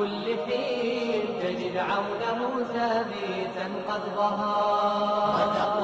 كل حين تجد عونه ثابتا قد ظهر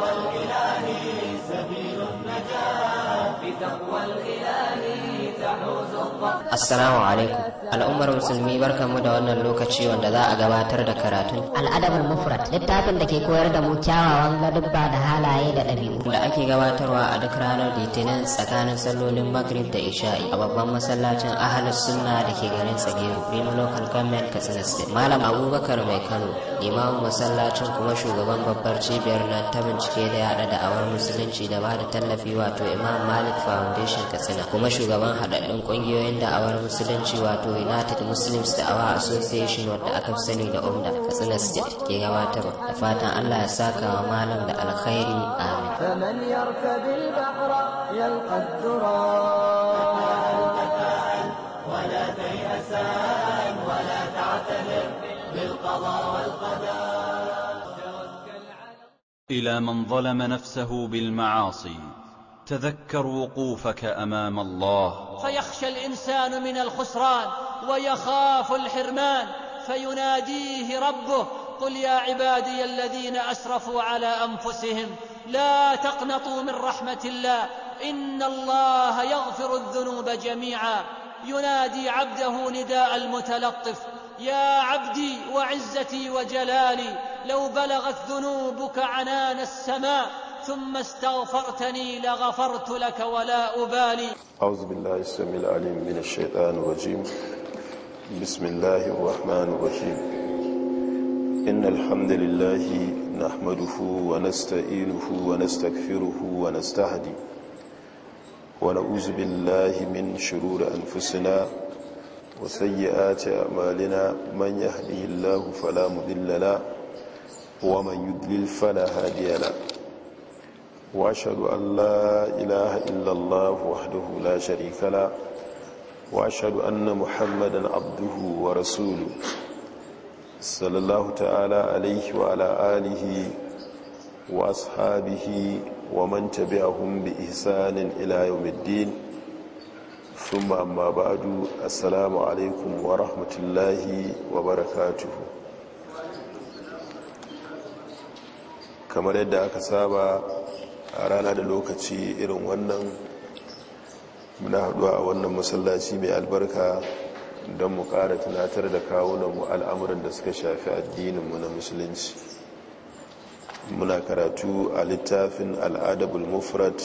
Assalamu alaikum al'ummar musulmi mu da wannan lokaci wanda za a gabatar da karatun al'adabul mufrad littafin da ke koyar da mu kyawawan ladabba da halaye da ɗabi'u da ake gabatarwa a duk ranar litinin tsakanin sallolin maghrib da isha'i a babban masallacin ahlus sunna da ke garin Tsagero Rima local government Katsina State Malam Abubakar Mai Kano Imamu masallacin kuma shugaban babbar cibiyar na ta bincike da yaɗa da'awar musulunci da ba da tallafi wato Imam Malik Foundation Katsina kuma shugaban haɗaɗɗun ƙungiyoyin awar. da'awar musulunci wato united muslims da awa association wadda aka fi sani da umda katsina state ke gabatarwa da fatan allah ya saka wa malam da alkhairi amin إلى من ظلم نفسه بالمعاصي تذكر وقوفك أمام الله فيخشى الإنسان من الخسران ويخاف الحرمان فيناديه ربه قل يا عبادي الذين أسرفوا على أنفسهم لا تقنطوا من رحمة الله إن الله يغفر الذنوب جميعا ينادي عبده نداء المتلطف يا عبدي وعزتي وجلالي لو بلغت ذنوبك عنان السماء ثم استغفرتني لغفرت لك ولا أبالي أعوذ بالله السميع العليم من الشيطان الرجيم بسم الله الرحمن الرحيم إن الحمد لله نحمده ونستعينه ونستغفره ونستهدي ونعوذ بالله من شرور أنفسنا وسيئات أعمالنا من يهده الله فلا مضل له ومن يضلل فلا هادي له وأشهد أن لا إله إلا الله وحده لا شريك له وأشهد أن محمدا عبده ورسوله صلى الله تعالى عليه وعلى آله وأصحابه ومن تبعهم بإحسان إلى يوم الدين ثم أما بعد السلام عليكم ورحمة الله وبركاته kamar yadda aka saba a rana da lokaci irin wannan muna haɗuwa a wannan masallaci mai albarka don mu ƙara tunatar da kawunanmu al'amuran da suka shafi addininmu na musulunci muna karatu a littafin al'adabul mufrat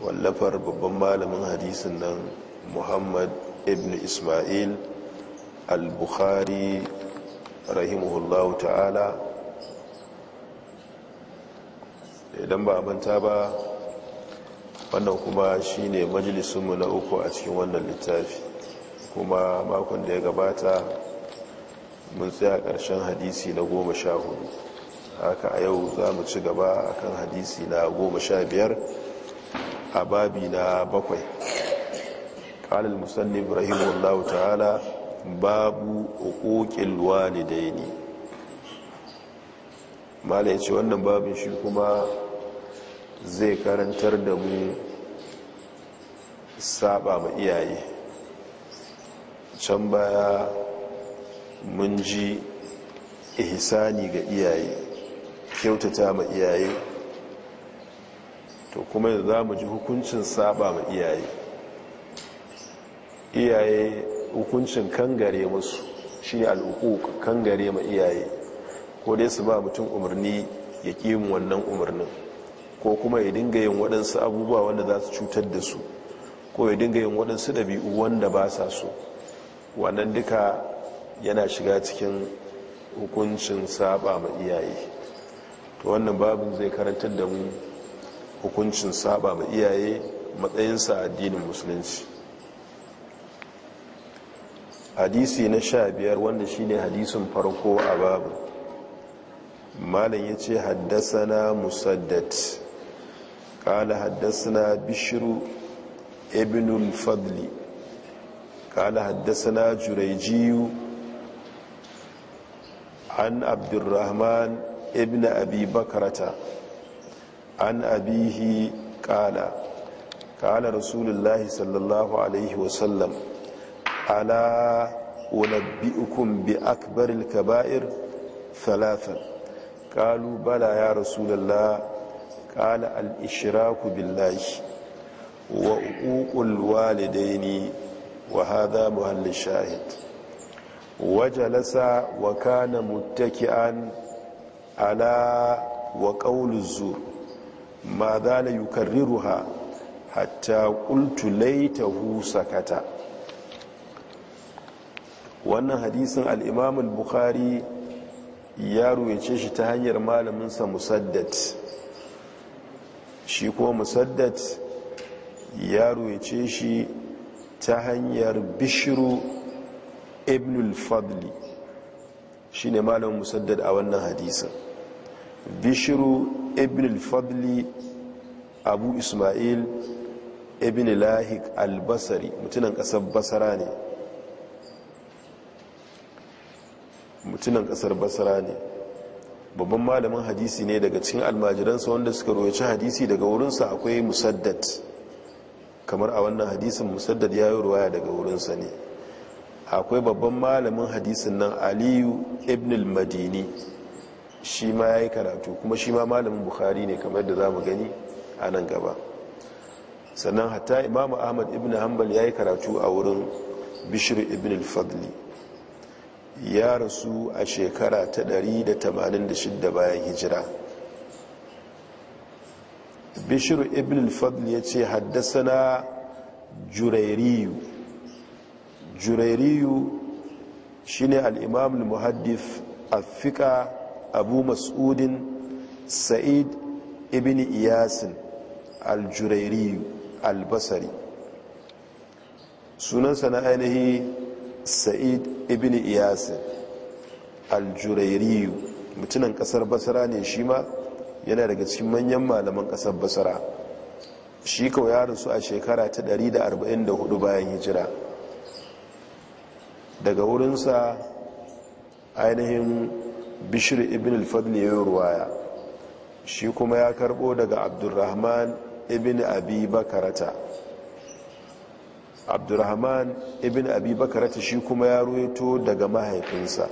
wallafar babban malamin hadisin nan muhammad ibn ismail al-bukhari rahimahullahu ta'ala idan ba manta ba wannan kuma shi shine majalisunmu na uku a cikin wannan littafi kuma makon da ya gabata mun tsaya ƙarshen hadisi na goma sha hudu haka a yau za mu ci gaba a kan hadisi na goma sha biyar a babi na bakwai ƙalil musamman ibrahim wallahu ta'ala babu hukukin luwa ne da yi ne mala ya ce wannan babin shi kuma zai karantar da mu saba ma iyaye can baya mun ji ihsani ga iyaye kyautata ma iyaye to kuma yanzu za mu ji hukuncin saba ma iyaye iyaye hukuncin kangare musu shi ne al'uku kangare ma iyaye ko dai su ba mutum umarni ya ƙi wannan umarnin ko kuma ya dinga yin waɗansu abubuwa wanda za su cutar da su ko ya dinga yin waɗansu ɗabi'u wanda ba sa so wannan duka yana shiga cikin hukuncin saba ma iyaye to wannan babin zai karantar da mu hukuncin saba ma iyaye matsayinsa addinin musulunci hadisi na sha biyar wanda shine hadisin farko a babu malam ya ce haddasa na musaddat قال حدثنا بشر ابن الفضل قال حدثنا جريجي عن عبد الرحمن ابن أبي بكرة عن أبيه قال قال رسول الله صلى الله عليه وسلم ألا أنبئكم بأكبر الكبائر ثلاثا قالوا بلى يا رسول الله ƙala al'ishiraku billahi wa uƙuƙul ne wa haɗa muhallin shahid wajalasa wa kana muttaki'an ala wa ƙaunin ma za la yukarriruha hatta ƙultulaita laitahu sakata wannan hadisin al'imamul bukhari ya ruwace shi ta hanyar malaminsa musaddat shi kuma musaddad ya ruwace shi ta hanyar bishiru ibnul fadli shi ne malamin musaddad a wannan hadisan bishiru ibnul fadli abu ismail ibn lahik albasari mutunan kasar basara ne mutunan kasar basara ne babban malamin hadisi ne daga cikin almajiransa wanda suka roci hadisi daga wurinsa akwai musaddad kamar a wannan hadisin musaddad ya yi ruwaya daga wurinsa ne akwai babban malamin hadisin nan aliyu ibn al-madini shi ma ya yi karatu kuma shi ma malamin bukhari ne kamar da za mu gani a nan gaba sannan hatta imamu ahmad ibn hanbal ya yi karatu a wurin bishir ibn al-fadli ya rasu a shekara ta 186 bayan hijira bishiru ibn al-fadl ya ce haddasa na jurairiyu jurairiyu shi ne al'imam al-muhaddif afika abu mas'udin sa'id ibn iyasin al-jurairiyu al-basari sunansa na ainihi sa'id ibn iyasin aljurairiyu mutunan kasar basara ne shi ma yana daga cikin manyan malaman kasar basara shi kawai ya rasu a shekara ta 144 bayan hijira daga wurinsa ainihin bishir ibn alfadli ya ruwaya shi kuma ya karbo daga abdurrahman ibn abi bakarata abdurrahman ibn abi ta shi kuma ya ruwaito daga mahaifinsa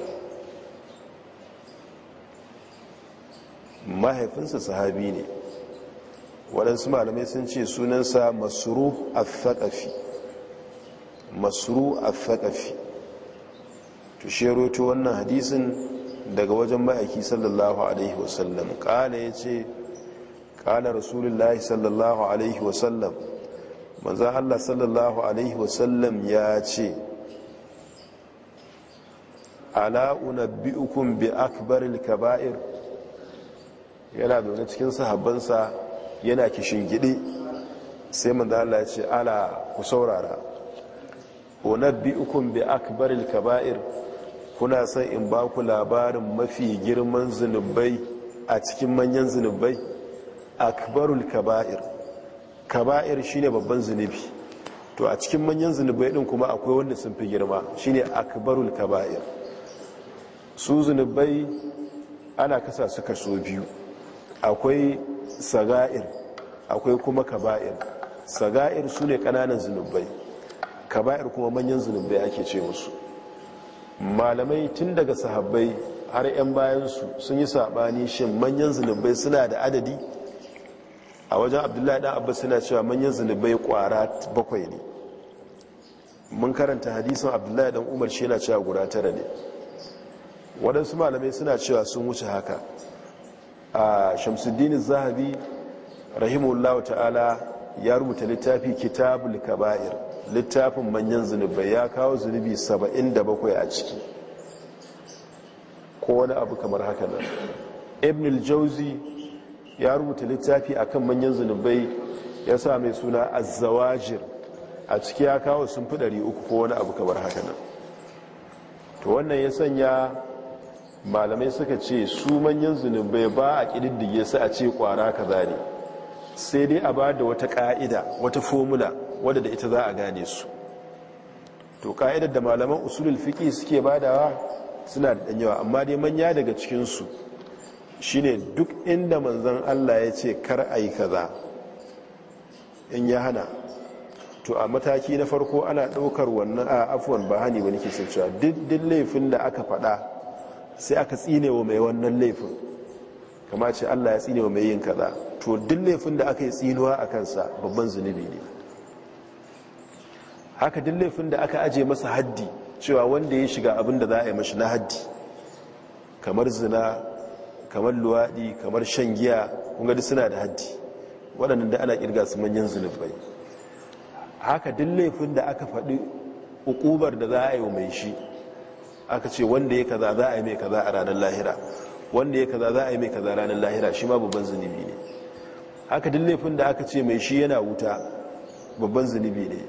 mahaifinsa sahabi ne waɗansu malamai sun ce sunansa masuru al-thaqafi masuru al-thaqafi to shi ruwaito wannan hadisin daga wajen ma'aiki sallallahu alaihi wasallam ƙala ya ce ƙala rasulullahi sallallahu alaihi wasallam manzan allah sallallahu alaihi wasallam ya ce ala unabbi'ukum bi akbaril kaba'ir yana zaune cikin sahabbansa yana kishin gidi sai manzan allah ya ce ala ku saurara unabbi'ukum bi akbaril kaba'ir kuna son in ba ku labarin mafi girman zunubai a cikin manyan zunubai akbarul kaba'ir kaba'ir shine babban zunubi to a cikin manyan zunubai din kuma akwai wanda sun fi girma shine akbarul kaba'ir su zunubai ana kasa su kaso biyu akwai saga'ir akwai kuma kaba'ir saga'ir su ne kananan zunubai kaba'ir kuma manyan zunubai ake ce musu malamai tun daga sahabbai har 'yan bayansu sun yi saɓani shin manyan zunubai suna da adadi a wajen abdullahi dan abbas suna cewa manyan zunubai kwara bakwai ne mun karanta hadisin abdullahi dan umar shi yana cewa guda tara ne waɗansu malamai suna cewa sun wuce haka a shamsuddin zahabi rahimullahu ta'ala ya rubuta littafi kitabul kaba'ir littafin manyan zunubai ya kawo zunubi bakwai a ciki ko wani abu kamar haka nan ibn al-jauzi ya rubuta littafi akan manyan zunubai ya sa mai suna azzawajir a ciki ya kawo sun fi uku ko wani abu kamar haka nan to wannan ya sanya malamai suka ce su manyan zunubai ba a ƙididdige su a ce kwara kaza ne sai dai a ba da wata ƙa'ida wata fomula wadda da ita za a gane su to ƙa'idar da malaman usulul fiki suke badawa suna da ɗanyewa amma dai manya daga cikinsu shine duk inda manzan Allah ya ce kar a yi kaza in ya hana to a mataki na farko ana ɗaukar wannan a afuwan ba hani wani ke cewa duk laifin da aka faɗa sai aka wa mai wannan laifin kama ce Allah ya wa mai yin kaza to duk laifin da aka yi tsinuwa a kansa babban zunubi ne haka duk laifin da aka aje masa haddi cewa wanda ya shiga abin da za a yi mashi na haddi kamar zina kamar luwaɗi kamar shan giya kuma duk suna da haddi waɗannan da ana kirga su manyan zunubai haka duk laifin da aka faɗi hukubar da za a yi wa mai shi aka ce wanda ya kaza za a yi mai kaza a ranar lahira wanda ya kaza za a yi mai kaza ranar lahira shi ma babban zunubi ne haka duk laifin da aka ce mai shi yana wuta babban zunubi ne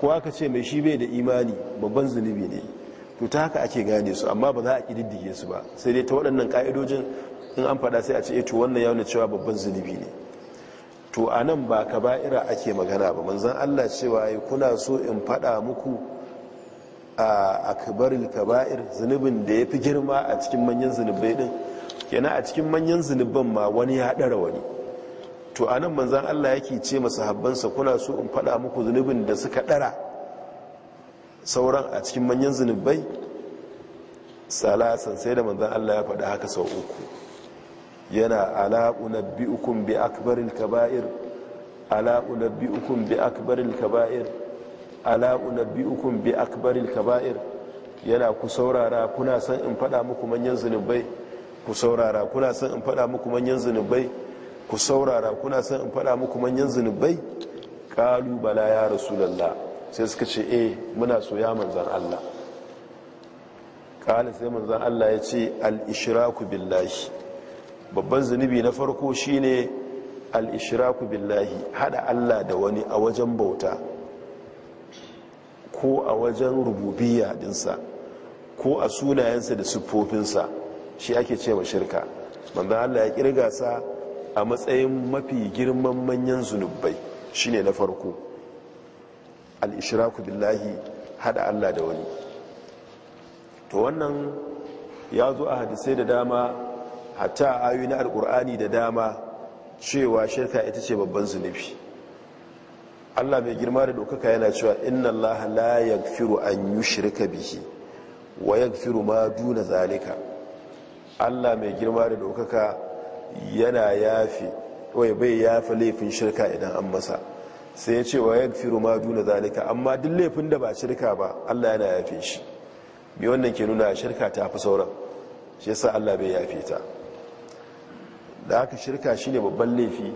ko aka ce mai shi bai da imani babban zunubi ne to ta haka ake gane su amma ba za a ƙididdige su ba sai dai ta waɗannan ƙa'idojin in an faɗa sai a ce eh, to wannan yawon cewa babban zunubi ne to a nan ba ka ba'ira ake magana ba manzan allah cewa ya kuna so in faɗa muku a akabaril kaba'ir zunubin da ya fi girma a cikin manyan zunubai ɗin yana a cikin manyan zunubban ma wani ya ɗara wani to a nan manzan allah yake ce masu habbansa kuna so in faɗa muku zunubin da suka ɗara sauran a cikin manyan zunubai salasan sai da manzan Allah ya faɗa haka sau uku yana alaƙunan ukun bi akbaril kaba'ir alaƙunan ukun bi akbaril kaba'ir alaƙunan ukun bi akbaril kaba'ir yana ku saurara kuna son in faɗa muku manyan zunubai ku saurara kuna son in faɗa muku manyan zunubai ku saurara kuna son in faɗa muku manyan zunubai ƙalubala ya rasulallah sai suka ce eh muna so ya manzan Allah kala sai manzan Allah ya ce al billahi babban zunubi na farko shine al-ishraku billahi hada Allah da wani a wajen bauta ko a wajen rububiya dinsa ko a sunayensa da siffofinsa shi ake ce wa shirka manzan Allah ya kirga sa a matsayin mafi girman manyan zunubai shine na farko al'ishiraku billahi hada Allah da wani to wannan ya zo a hadisai da dama hatta ayoyi na alkur'ani da dama cewa shirka ita ce babban zunubi Allah mai girma da dokaka yana cewa inna Allah la an shirka bihi wa wayagfiru ma duna zalika Allah mai girma da dokaka yana yafi bai yafi laifin shirka idan an masa sai ya ce wa ya firo ma duna zalika amma duk laifin da ba shirka ba allah yana yafe shi mai wannan ke nuna shirka ta fi sauran shi yasa allah bai yafe ta da haka shirka shi ne babban laifi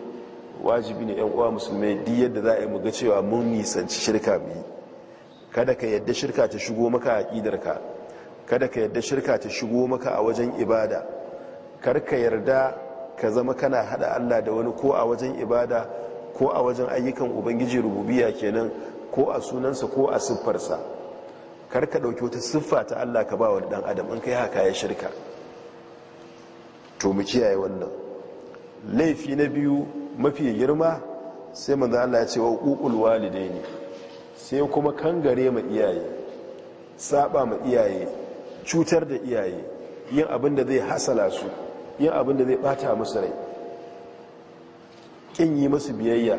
wajibi ne 'yan uwa musulmai duk yadda za a yi muga cewa mun nisanci shirka mu yi kada ka yadda shirka ta shigo maka a ka kada ka yadda shirka ta shigo maka a wajen ibada kar ka yarda ka zama kana hada allah da wani ko a wajen ibada ko a wajen ayyukan ubangiji rububiya kenan ko a sunansa ko a siffarsa kar ka ɗauki wata siffa ta allah ka ba wa dan adam in kai haka ya shirka to mu kiyaye wannan laifi na biyu mafi girma sai manzo allah ya ce wa uqul walidaini sai kuma kangare ma iyaye saba ma iyaye cutar da iyaye yin abin da zai hasala su yin abin da zai bata musu rai kin yi masu biyayya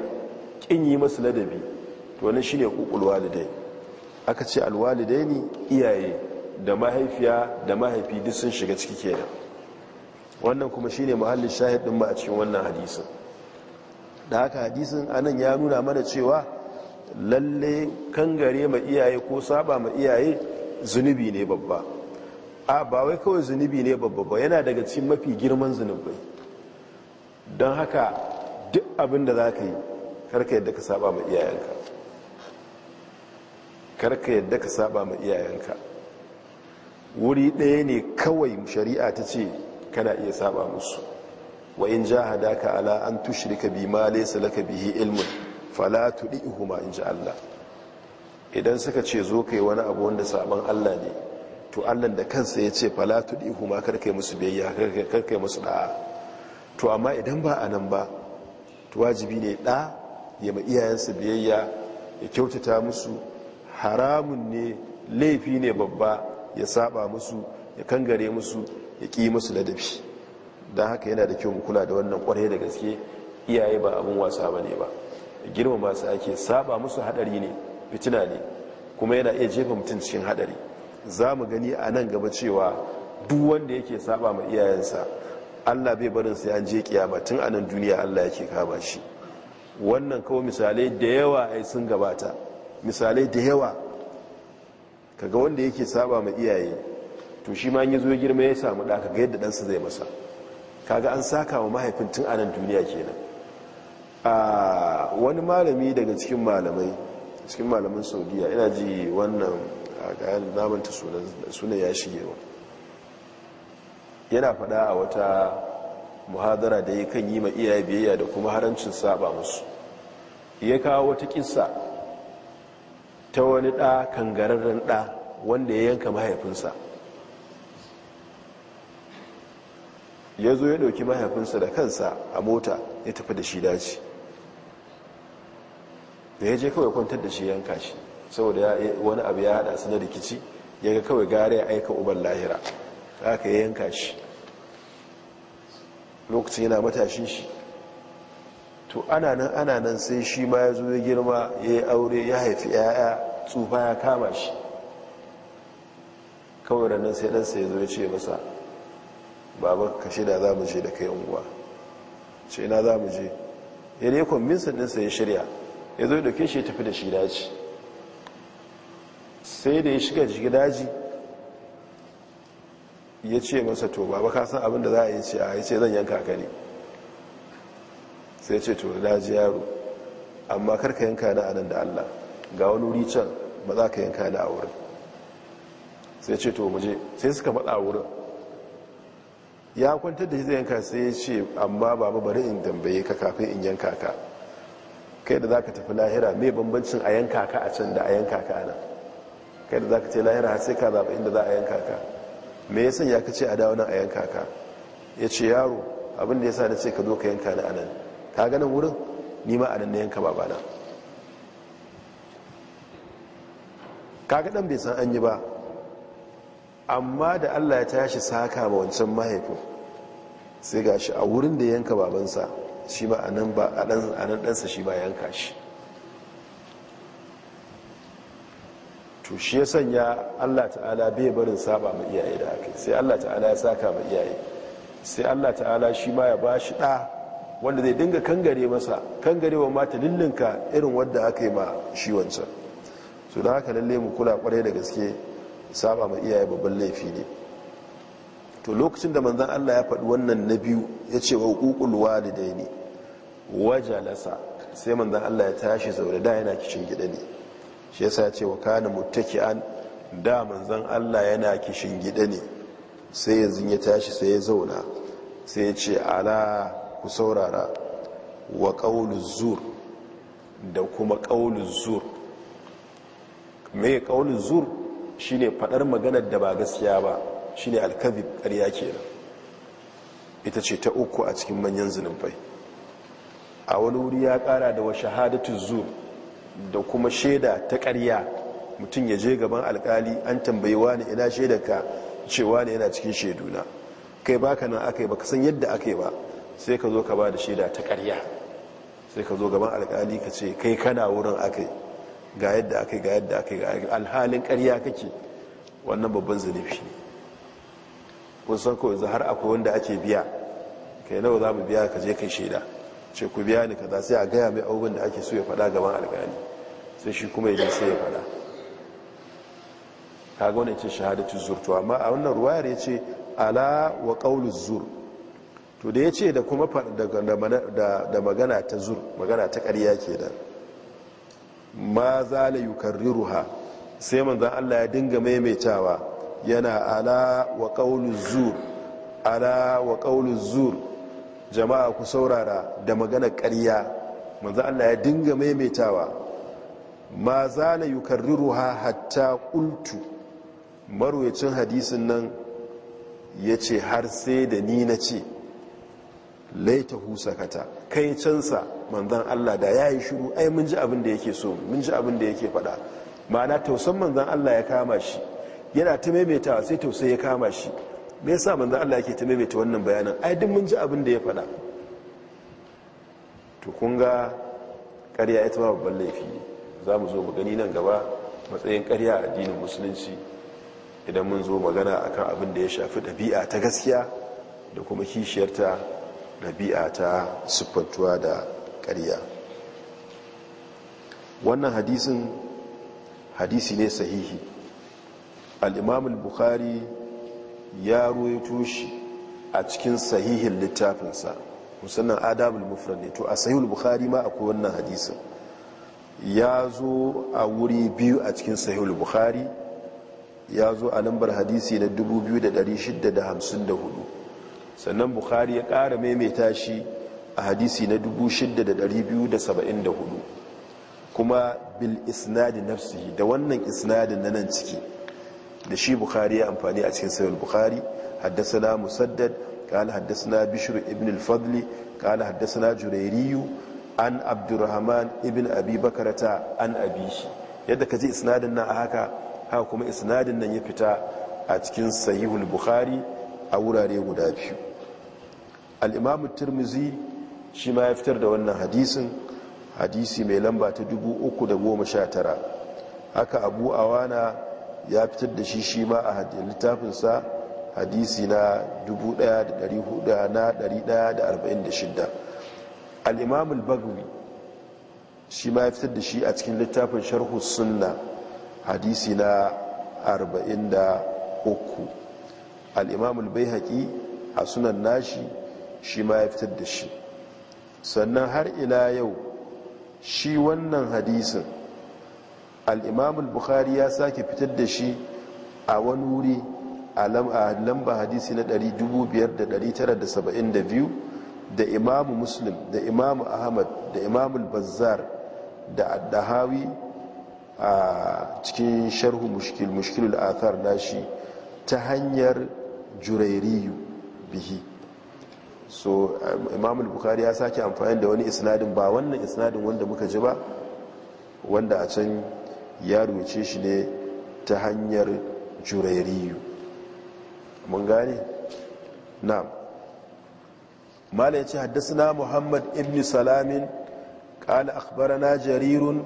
kin yi masu ladabi to wannan shine hukul walidai aka ce alwalidai ne iyaye da mahaifiya da mahaifi duk sun shiga ciki kenan wannan kuma shine muhallin shahid din ba a cikin wannan hadisin da haka hadisin anan ya nuna mana cewa lalle kangare ma iyaye ko saba ma iyaye zunubi ne babba a ba wai kawai zunubi ne babba ba yana daga cikin mafi girman zunubai don haka duk abin da za ka yi karka yadda ka saba ma iyayenka karka yadda ka saba ma iyayenka wuri ɗaya ne kawai shari'a ta ce kana iya saba musu wa in jahadaka ala an tushrika ma laysa laka bihi ilmun fala tudihuma in ja Allah idan suka ce zo kai wani abu wanda sabon Allah ne to Allah da kansa ya ce fala tudihuma karkai musu biyayya karkai musu da'a to amma idan ba a nan ba wajibi ne ɗa ya ma iyayensa biyayya ya kyautata musu haramun ne laifi ne babba ya saba musu ya kangare musu ya ƙi musu ladabi don haka yana da kyau mu kula da wannan ƙwarai da gaske iyaye ba abin wasa ba ne ba girma masu ake saba musu haɗari ne fitina ne kuma yana iya jefa mutum cikin haɗari za mu gani a nan gaba cewa duk wanda yake saba ma iyayensa allah bai barin sai an je kiyama tun anan duniya allah yake kama shi wannan kawo misalai da yawa ai sun gabata misalai da yawa kaga wanda yake saba ma iyaye to shi ma yi zo girma ya samu ɗaka, kaga yadda ɗansa zai masa kaga an saka wa mahaifin tun a nan duniya kenan a wani malami daga cikin malamai cikin malamin saudiya ina ji wannan a kayan namanta sunan ya shigewa yana fada a wata muhadara da ya kan yi ma iyaye biyayya da kuma harancin saba musu ya kawo wata kisa ta wani ɗa kangararren ɗa wanda ya yanka mahaifinsa ya zo ya ɗauki mahaifinsa da kansa a mota ya tafi da shi daji da ya je kawai kwantar da shi yanka shi saboda wani abu ya haɗa su na rikici ya ga kawai gare ya aika uban lahira aka yanka shi lokacin yana matashi shi to ana nan ana nan sai shi ma ya zo ya girma ya yi aure ya haifi 'ya'ya tsufa ya kama shi kawai da nan sai ɗansa ya zo ya ce masa baban ka da za mu je da kai unguwa ce na za mu je ya ne kwamminsan ɗinsa ya shirya ya zo ya ɗauke shi ya tafi da shi daji sai da ya shiga jiki daji ya ce masa to ba ka san abin da za a yi ce a yi ce zan yanka ka ne sai ce to na ji yaro amma karka yanka na anan da allah ga wani wuri can ba za ka yanka na a wurin sai ce to muje sai suka matsa a wurin ya kwantar da shi zai yanka sai ya ce amma baba bari in dambaye ka kafin in yanka ka kai da za ka tafi lahira mai bambancin a yanka ka a can da a yanka ka ana kai da za ka ce lahira sai ka zaɓi inda za a yanka ka me ya sanya ka ce a dawo nan a yanka ka ya ce yaro abin da ya sa na ce ka zo ka yanka ni a nan ganin wurin ni ma a nan na yanka babana kaga dan bai san an yi ba amma da allah ya tashi saka ma wancan mahaifin sai gashi a wurin da yanka babansa shi ba a nan ɗansa shi ba yanka shi to shi ya sanya allah ta'ala bai barin saba ma iyaye da haka sai allah ta'ala ya saka ma iyaye sai allah ta'ala shi ma ya ba shi ɗa wanda zai dinga kangare masa kangare wa mata lullinka irin wadda aka yi ma shi wancan su da haka lalle mu kula kwarai da gaske saba ma iyaye babban laifi ne to lokacin da manzan allah ya faɗi wannan na biyu ya ce wa ƙuƙulwa da ne wajalasa sai manzan allah ya tashi zaune da yana kicin gida ne shi yasa ya ce wa kana an, da zan Allah yana kishin gida ne sai yanzu ya tashi sai ya zauna sai ya ce ala ku saurara wa qaulu zur da kuma qaulu zur me qaulu zur shine fadar maganar da ba gaskiya ba shine alkazib ƙarya kenan ita ce ta uku a cikin manyan zunubai a wani wuri ya ƙara da wa shahadatu zur da kuma shaida ta karya mutum ya je gaban alkali an tambayi ne ina shaida ka cewa ne yana cikin shaiduna kai baka nan aka yi ba san yadda aka yi ba sai ka zo ka ba da shaida ta ƙarya sai ka zo gaban alkali ka ce kai kana wurin aka yi ga yadda aka yi ga yadda aka yi ga alhalin ƙarya kake wannan babban zunubi kun san kawai har akwai wanda ake biya kai nawa za mu biya ka je kai shaida ce ku biya ni kaza sai a gaya mai abubuwan da ake so ya faɗa gaban alƙali sai shi kuma ya sai ya faɗa ga wani ce shahadatu zurtu amma a wannan ruwayar ya ce ala wa ƙaulu zur to da ya ce da kuma da magana ta zur magana ta karya ke da ma za la ha sai manzan allah ya dinga maimaitawa yana ala wa ƙaulu zur ala wa zur jama'a ku saurara da magana karya manzo Allah ya dinga maimaitawa ma zala yukarriruha hatta qultu marwayacin hadisin nan yace har sai da ni na ce laita husakata kai cansa manzo Allah da yayi shiru ai mun ji abin da yake so mun ji abin da yake fada ma'ana tausan manzon Allah ya kama shi yana ta maimaitawa sai tausai ya kama shi me yasa manzo Allah ke ta maimaita wannan bayanin ai duk mun ji abin da ya faɗa to kun ga ƙarya ita ba babban laifi za mu zo mu gani nan gaba matsayin karya a addinin musulunci idan mun zo magana akan abin da ya shafi ɗabi'a ta gaskiya da kuma kishiyarta ɗabi'a ta siffantuwa da karya. wannan hadisin hadisi ne sahihi al-imam bukhari ya ruwaito shi a cikin sahihin littafinsa musamman adabul mufrad ne to a sahihul bukhari ma akwai wannan hadisin ya zo a wuri biyu a cikin sahihul bukhari ya zo a lambar hadisi na 2654 sannan bukhari ya ƙara maimaita shi a hadisi na 6274 kuma bil isnadi nafsihi da wannan isnadin na nan ciki da shi bukhari ya amfani a cikin sayar bukhari haddasa musaddad قال حدثنا بشر ابن الفضل قال حدثنا جريري عن عبد الرحمن ابن أبي بكرة عن أبيه yadda ka ji isnadin nan a haka haka kuma isnadin nan ya fita a cikin sahihul bukhari a wurare guda biyu al'imamu turmizi shi ma ya fitar da wannan hadisin hadisi mai lamba ta tara haka abu awana ya fitar da shi shi ma a littafinsa hadisi na 1446 al al-bagwi shi ma ya fitar da shi a cikin littafin sharhu sunna hadisi na 43 al bai haƙi a sunan nashi shi ma ya fitar da shi sannan har ila yau shi wannan hadisin al'imamul bukhari ya sake fitar da shi a wani wuri a lamba hadisi na 5,972 da imamu muslim da imamu ahmad da imamul bazzar da addahawi a cikin sharhu mushkil mushkilul athar shi ta hanyar jurairiyu bihi so imamul bukhari ya sake amfani da wani isnadin ba wannan isnadin wanda muka ji ba wanda a can ya rubuce shi ne ta hanyar jurairiyu mun gani na malayaci haddasa muhammad ibn salamin kala akbara na jaririn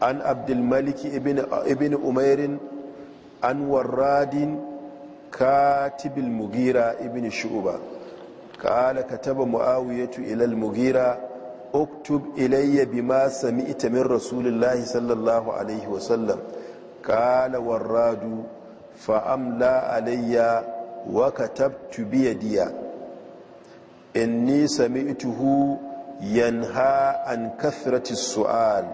an abdulmaliki ibn umairin an warradin katibin mugira ibn shu'uba kala kataba mu'awiyatu ilal mugira uktub ilayya bima sami'ta min rasulillahi warradu fa alayya wa inni sami'tuhu yanha an su'al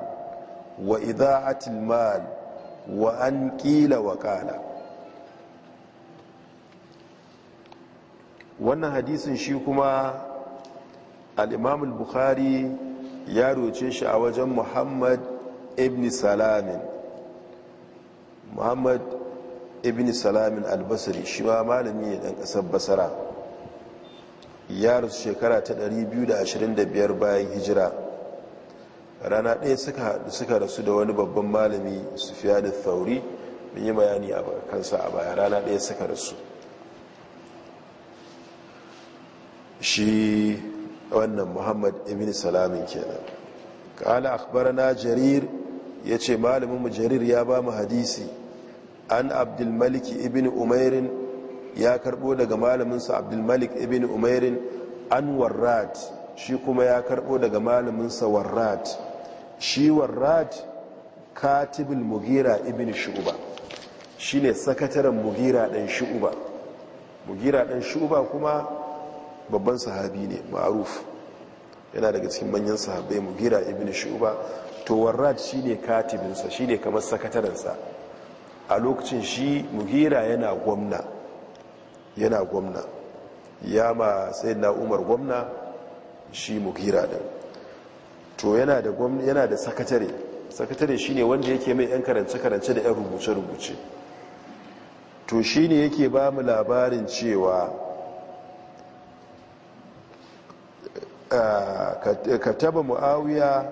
wa idha'ati wa an wannan hadisin shi kuma al al-bukhari ya roce shi a wajen muhammad ibn salamin muhammad ibn salamin al-basri shi ma malami ya dan kasar basara ya rasu shekara ta 225 bayan hijira rana ɗaya suka rasu da wani babban malami su da tsauri mun yi bayani a kansa a baya rana ɗaya suka rasu shi wannan muhammad ibn salamin kenan kala na jarir ce malamin mu jarir ya ba mu hadisi an abdulmalik ibn umairin ya karbo daga malaminsa abdulmalik ibin ibn umairin an warrat shi kuma ya karbo daga malaminsa warrat shi warrat katibul mugira ibn shu'ba shine sakataren mugira ɗan shu'ba mugira ɗan shu'ba kuma babban sahabi ne ma'aruf yana daga cikin manyan sahabbai mugira ibn shuba to warrad shine katibinsa shine kamar sakatarensa a lokacin shi mugira yana gwamna yana gwamna ya ma sai na umar gwamna shi mugira din to yana da gwamna yana da sakatare sakatare shine wanda yake mai yan karance karance da yan rubuce rubuce to shine yake ba mu labarin cewa ka taba mu'awiya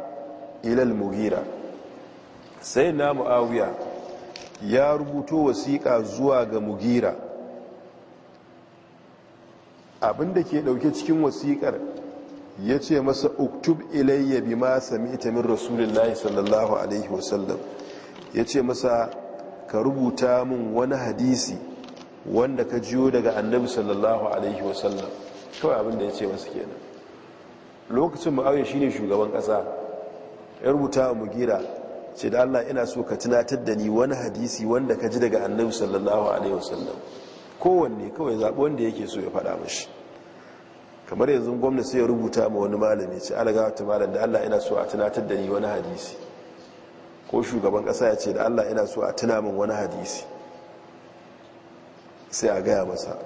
ilal mugira sai na mu'awiya ya rubuto wasiƙa zuwa ga mugira abinda ke ɗauke cikin wasiƙar ya ce masa uktub ilayya bi ma sami ita min rasulullahi sallallahu alaihi wasallam ya ce masa ka rubuta min wani hadisi wanda ka jiyo daga annabi sallallahu alaihi wasallam kawai abinda ya ce masa kenan lokacin mu'awiyar shi ne shugaban kasa. ya rubuta wa mugira ce da allah ina so ka tunatar da ni wani hadisi wanda ka ji daga annabi sallallahu alaihi wasallam kowanne kawai zaɓi wanda yake so ya faɗa mashi kamar yanzu gwamna sai ya rubuta ma wani malami ce alaga ta malam da allah ina so a tunatar da ni wani hadisi ko shugaban ƙasa ya ce da allah ina so a tuna min wani hadisi sai a gaya masa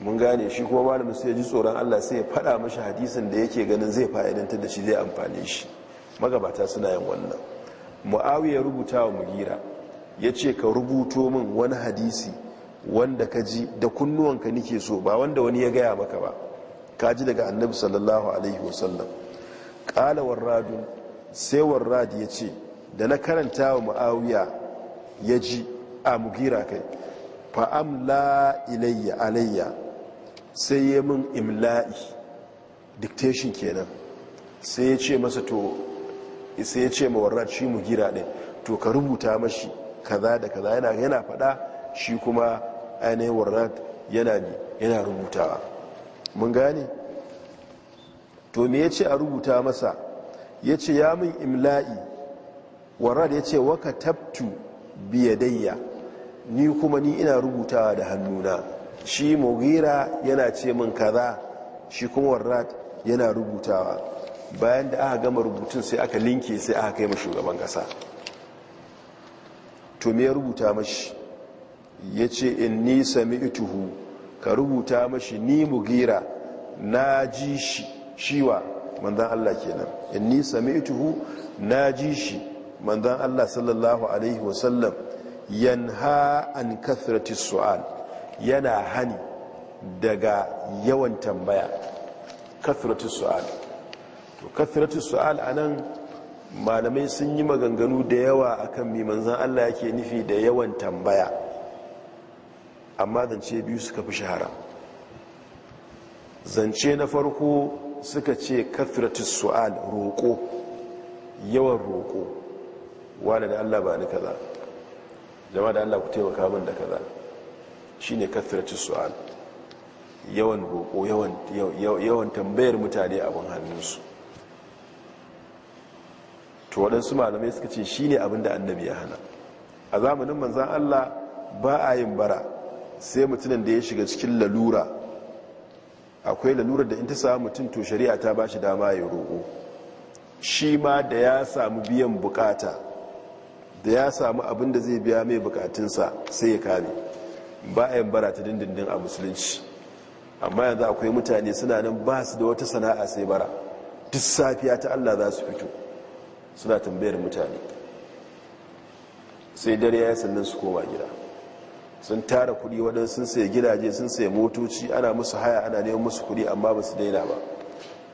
mun gane shi kuma malamin sai ya ji tsoron Allah sai ya faɗa mashi hadisin da yake ganin zai fa'idantar da shi zai amfane shi magabata suna yin wannan muawiya rubuta wa mugira ya ce ka rubuto min wani hadisi wanda ka ji da kunnuwanka nike so ba wanda wani ya gaya maka ba ka ji daga annabi sallallahu alaihi wasallam ƙala warradun sai warrad ya ce da na karanta wa muawiya ya ji a mugira kai la ilayya alayya sai ya min imla'i dictation kenan sai ya ce masa to sai ya ce shi mu gira ɗin to ka rubuta mashi kaza da kaza yana yana faɗa shi kuma ainihin warrat yana ne yana rubutawa mun gane to me ya ce a rubuta masa ya ce ya min imla'i warrat ya ce waka biya biyadayya ni kuma ni ina rubutawa da hannuna shi mugira yana ce min kaza shi kuma warrat yana rubutawa bayan da aka gama rubutun sai aka linke sai aka kai ma shugaban kasa to me ya rubuta mashi ya ce in ni sami ituhu ka rubuta mashi ni mugira na ji shi shiwa manzan Allah kenan in ni sami ituhu na ji shi manzan Allah sallallahu alaihi wasallam ha an kathrati su'al yana hani daga yawan tambaya kathratu su'al to kathratu su'al anan malamai sun yi maganganu da yawa akan mai manzan Allah yake nufi da yawan tambaya amma zance biyu suka fi shahara zance na farko suka ce kathratu su'al roko yawan roko wani da Allah ba ni kaza jama'a da Allah ku taimaka min da kaza shine kathratu su'al yawan roƙo yawan tambayar mutane abin hannunsu to waɗansu malamai suka ce shine abin da annabi ya hana a zamanin manzan Allah ba a yin bara sai mutumin da ya shiga cikin lalura akwai lalura da in ta samu mutum to shari'a ta ba shi dama ya roƙo shi ma da ya samu biyan bukata da ya samu abin da zai biya mai bukatunsa sai ya kame ba a yin bara ta dindindin a musulunci amma yanzu akwai mutane suna nan ba su da wata sana'a sai bara duk safiya ta allah za su fito suna tambayar mutane sai dare ya yi sannan su koma gida sun tara kudi waɗansu sun sai gidaje sun sai motoci ana musu haya ana neman musu kudi amma ba su daina ba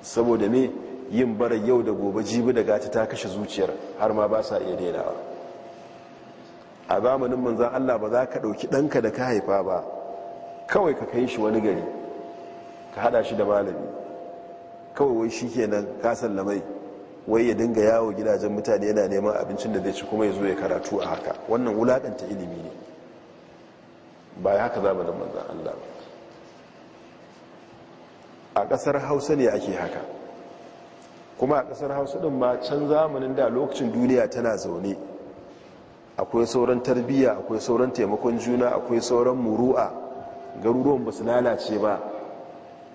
saboda mai yin bara yau da gobe jibi da gata ta kashe zuciyar har ma ba sa iya dainawa a zamanin manzan Allah ba za ka ɗauki ɗanka da ka haifa ba kawai ka kai shi wani gari ka haɗa shi da malami kawai wai shi kenan ka lamai wai ya dinga yawo gidajen mutane yana neman abincin da zai ci kuma ya zo ya karatu a haka wannan wulaɗanta ilimi ne ba ya haka zamanin manzan Allah ba a ƙasar hausa ne ake haka kuma a ƙasar hausa ɗin ma can zamanin da lokacin duniya tana zaune akwai sauran tarbiyya akwai sauran taimakon juna akwai sauran muru'a garuruwan ba su lalace ba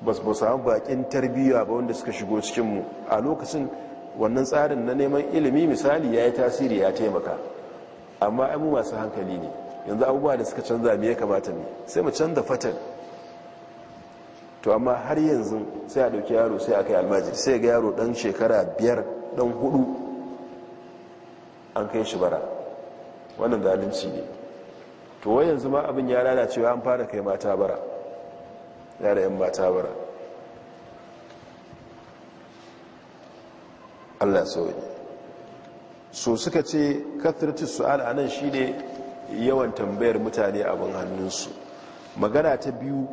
ba su samu bakin tarbiyya ba wanda suka shigo cikinmu a lokacin wannan tsarin na neman ilimi misali ya yi tasiri ya taimaka amma abu masu hankali ne yanzu abubuwa da suka canza mai ya kamata ne sai mu canza fatan to amma har yanzu sai a ɗauki yaro sai a kai almaji sai ga yaro ɗan shekara biyar ɗan hudu an kai shi bara wannan zalunci ne to wai yanzu ma abin ya lalacewa an fara kai mata bara yara yan mata bara allah sauyi so suka ce kathirci su'al a nan shi yawan tambayar mutane abin hannunsu magana ta biyu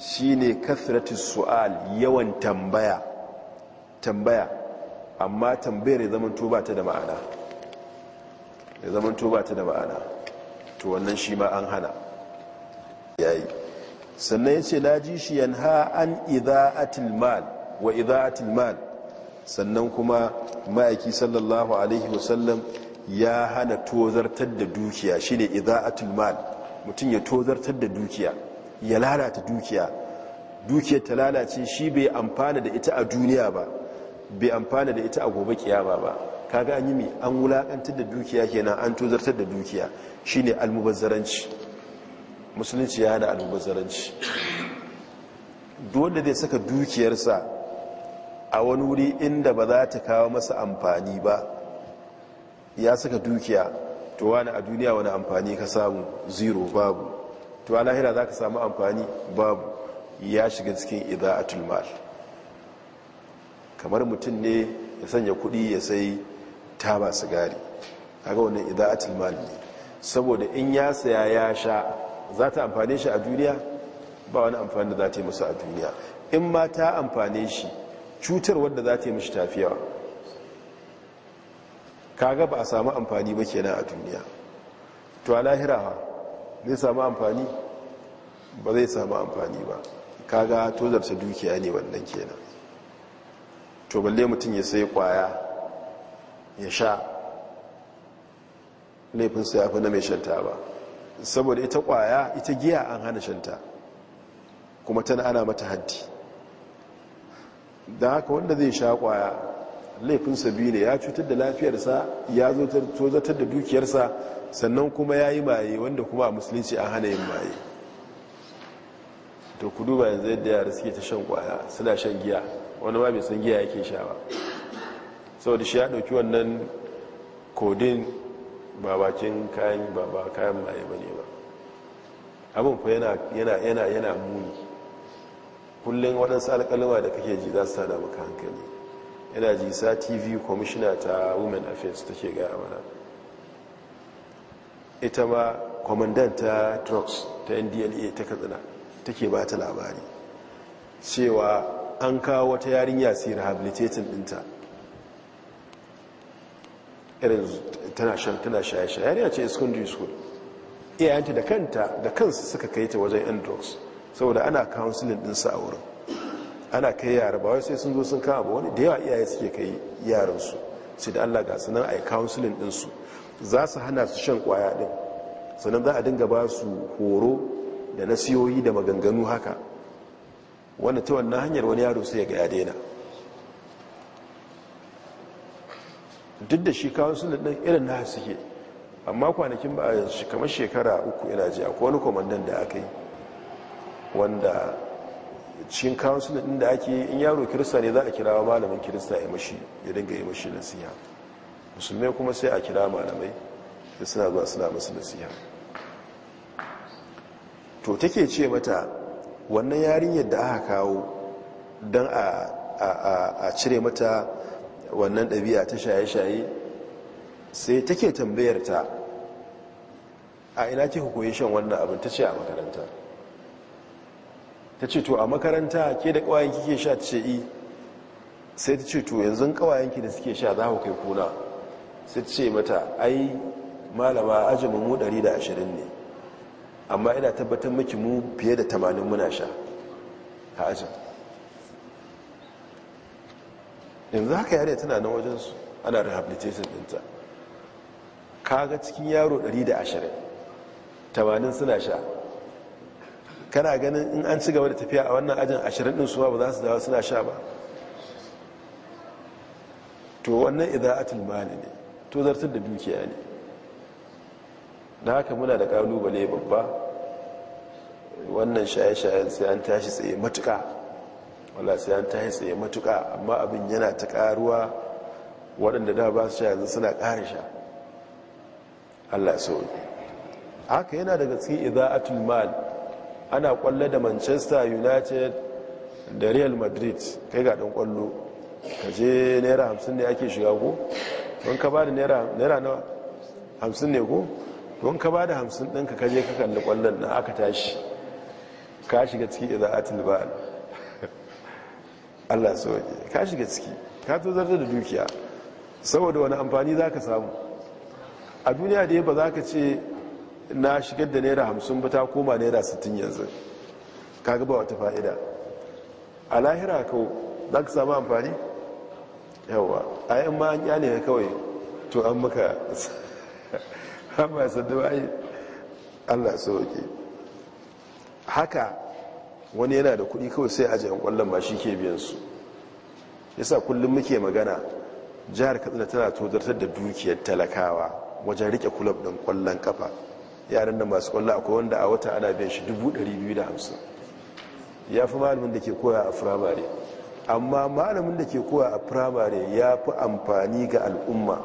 shine ne su'al yawan tambaya tambaya amma tambayar ya zama tuba ta da ma'ana da zaman toba ta da ma'ana to wannan shi ma an hana yayi sannan ya ce laji shi yanha an idha'atil mal wa idha'atil mal sannan kuma ma'aiki sallallahu alaihi wasallam ya hana tozartar da dukiya shine idha'atul mal mutum ya tozartar da dukiya ya lalata dukiya dukiyar ta lalace shi bai amfana da ita a duniya ba bai amfana da ita a gobe kiyama ba kaga an yi mai an wulakantar da dukiya kenan an tozartar da dukiya shine almubazzaranci musulunci ya hada almubazzaranci duwanda zai saka dukiyarsa a wani wuri inda ba za ta kawo masa amfani ba ya saka dukiya to wani a duniya wani amfani ka samu zero babu to a lahira za ka samu amfani babu ya shiga cikin a mal kamar mutum ne ya sanya kudi ya sai taba sigari wani wannan ida'atul mal ne saboda in ya saya ya sha za ta amfane shi a duniya ba wani amfani da za ta yi masa a duniya in ma ta amfane shi cutar wadda za ta yi mashi tafiya kaga ba a samu amfani ba kenan a duniya to a lahira zai samu amfani ba zai samu amfani ba kaga tozarta dukiya ne wannan kenan to balle mutum ya sai kwaya ya sha laifin su ya fi na mai shanta ba saboda ita kwaya ita giya an hana shanta kuma tana ana mata haddi da haka wanda zai sha kwaya laifinsa biyu ne ya cutar da lafiyarsa ya zo tozatar da dukiyarsa sannan kuma ya yi maye wanda kuma a musulunci an hana yin maye to ku duba yanzu yadda yara suke ta shan kwaya suna shan giya wani ma bai san giya yake sha ba saboda shi ya ɗauki wannan kodin ba bakin kayan ba ba kayan maye ba ne ba abin fa yana yana muni kullum waɗansu alƙalama da kake ji za su tada maka hankali yana ji sa tv kwamishina ta women affairs ta ke gaya mana ita ma kwamandan ta trucks ta ndla ta katsina take ba ta labari cewa an kawo wata yarinya su rehabilitating ɗinta irin tana shan tana shaye-shaye ya ce secondary school iyayenta da kanta da kansu suka kai ta wajen yan drugs saboda ana counseling din sa a wurin ana kai yara ba wai sai sun zo sun kama ba wani da yawa iyaye suke kai yaransu sai da Allah ga sanan ai counseling din su za su hana su shan kwaya din sannan za a dinga ba su horo da nasiyoyi da maganganu haka wanda ta wannan hanyar wani yaro sai ya ga ya daina duk da shi kawo sunan ɗin irin na suke amma kwanakin ba a kamar shekara uku ina ji akwai wani kwamandan da aka yi wanda cikin kawo sunan ɗin da ake yi in yaro kirista ne za a kirawa malamin kirista ya mashi ya dinga yi mashi nasiha musulmai kuma sai a kira malamai da suna zuwa suna masu nasiha to take ce mata wannan yarinyar da aka kawo don a cire mata wannan ɗabi'a ta shaye-shaye sai take tambayar ta a ina ke koyi shan wannan abin ta ce a makaranta ta ce to a makaranta ke da ƙawayen kike sha ta ce i eh. sai ta ce to yanzu ƙawayenki da suke sha za ku kai kuna sai ta ce mata ai malama ajinmu mu 120 ne amma ina tabbatar miki mu fiye da 80 muna sha ka ajin yanzu haka yare tana na wajensu ana rehabilitation dinta kaga cikin yaro 120 Tamanin suna sha kana ganin in an ci gaba da tafiya a wannan ajin 20 din suwa ba za su dawo suna sha ba to wannan ida'atul mali ne to zartar da dukiya ne da haka muna da kalubale babba wannan shaye-shayen sai an tashi tsaye matuƙa. wala sai an ta tsaye matuka amma abin yana ta karuwa waɗanda da ba su sha yanzu suna ƙari sha allah sau haka yana daga cikin iza'atul mal ana kwallo da manchester united da real madrid kai ga ɗan kwallo ka je naira hamsin ne ake shiga ko don ka ba da naira nawa hamsin ne ko don ka ba da hamsin ɗinka kaje ka kalli kwallon na aka tashi ka shiga cikin iza'atul mal allah waje ka shiga ciki ka tozarta da dukiya saboda wani amfani za ka samu a duniya da ba za ka ce na shigar da naira hamsin ba ta koma naira sittin yanzu ka gaba wata fa'ida a lahira kawo za ka samu amfani yawa a yan ma an yane kawai to an maka an ba yi allah su waje haka wani yana da kuɗi kawai sai ajiye kwallon ba shi ke biyansu yasa kullum muke magana jihar katsina tana tozartar da dukiyar talakawa wajen rike kulab ɗin kwallon kafa yaran da masu kwallo akwai wanda a wata ana biyan shi 250 ya fi malamin da ke koya a firamare amma malamin da ke koya a firamare ya fi amfani ga al'umma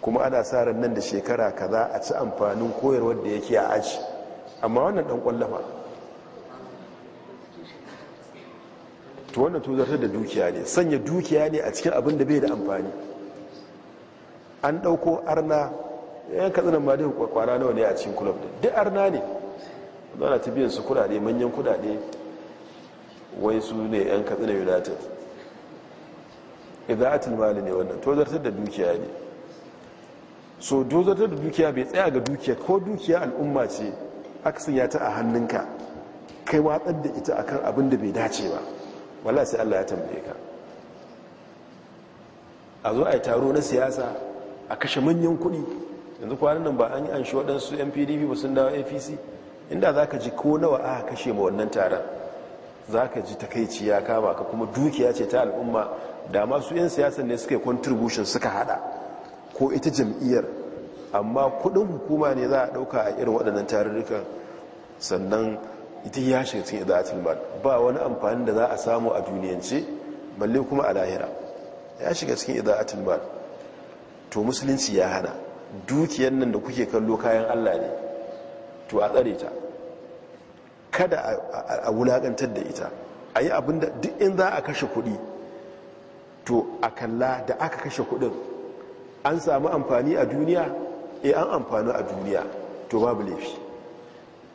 kuma ana sa ran nan da shekara kaza a ci amfanin koyarwar da yake a aji amma wannan dan kwallafa to wannan tozartar da dukiya ne sanya dukiya ne a cikin abin da bai da amfani an ɗauko arna yan katsinan ma da kwakwara nawa ne a cikin kulob da duk arna ne zana ta biyan su kudade manyan kudade wai su ne yan katsinan united idatul mali ne wannan tozartar da dukiya ne so tozartar da dukiya bai tsaya ga dukiya ko dukiya al'umma ce aka sanya ta a hannunka kai watsar da ita akan abin da bai dace ba wala sai Allah ya tambaye ka a zo a taro na siyasa a kashe manyan kuɗi yanzu kwanan nan ba an yi an shi waɗansu yan ba sun dawo apc inda za ka ji ko nawa aka kashe ma wannan taron za ka ji takaici ya kama ka kuma dukiya ce ta al'umma da masu yan siyasan ne suka yi contribution suka hada ko ita jam'iyyar amma kuɗin hukuma ne za a ɗauka a irin waɗannan tarurrukan sannan ita ya shiga cikin idatul mal ba wani amfani da za a samu a duniyance balle kuma a lahira ya shiga cikin idatul mal to musulunci ya hana dukiyar nan da kuke kallo kayan Allah ne to a tsare ta kada a wulakantar da ita a yi da duk in za a kashe kuɗi to a kalla da aka kashe kuɗin an samu amfani a duniya e an amfani a duniya to babu laifi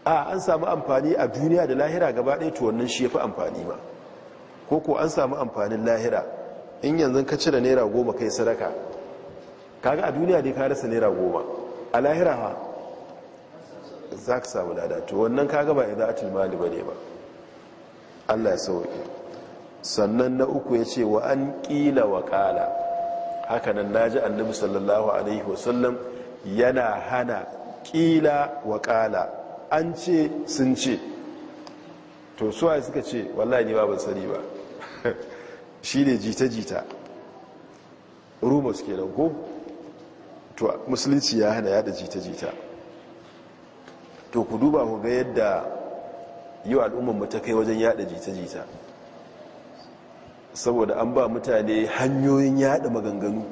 a an samu amfani a duniya da lahira gaba ɗaya to wannan shi ya fi amfani ba ko ko an samu amfanin lahira in yanzu ka cire naira goma kai sadaka kaga a duniya dai ka rasa naira goma a lahira ha za ka samu lada to wannan kaga ba idan atul mali ba ne ba allah ya sauke sannan na uku ya ce wa an ƙila wa ƙala hakanan na ji annabi sallallahu alaihi wasallam yana hana ƙila wa ƙala an ce sun ce to suwa suka ce wallahi ne babu sani ba shi ne jita-jita Rumus ke nan ko to musulunci ya hana yada jita-jita to ku duba ku ga yadda yi wa al'ummanmu ta kai wajen yada jita-jita saboda an ba mutane hanyoyin yada maganganu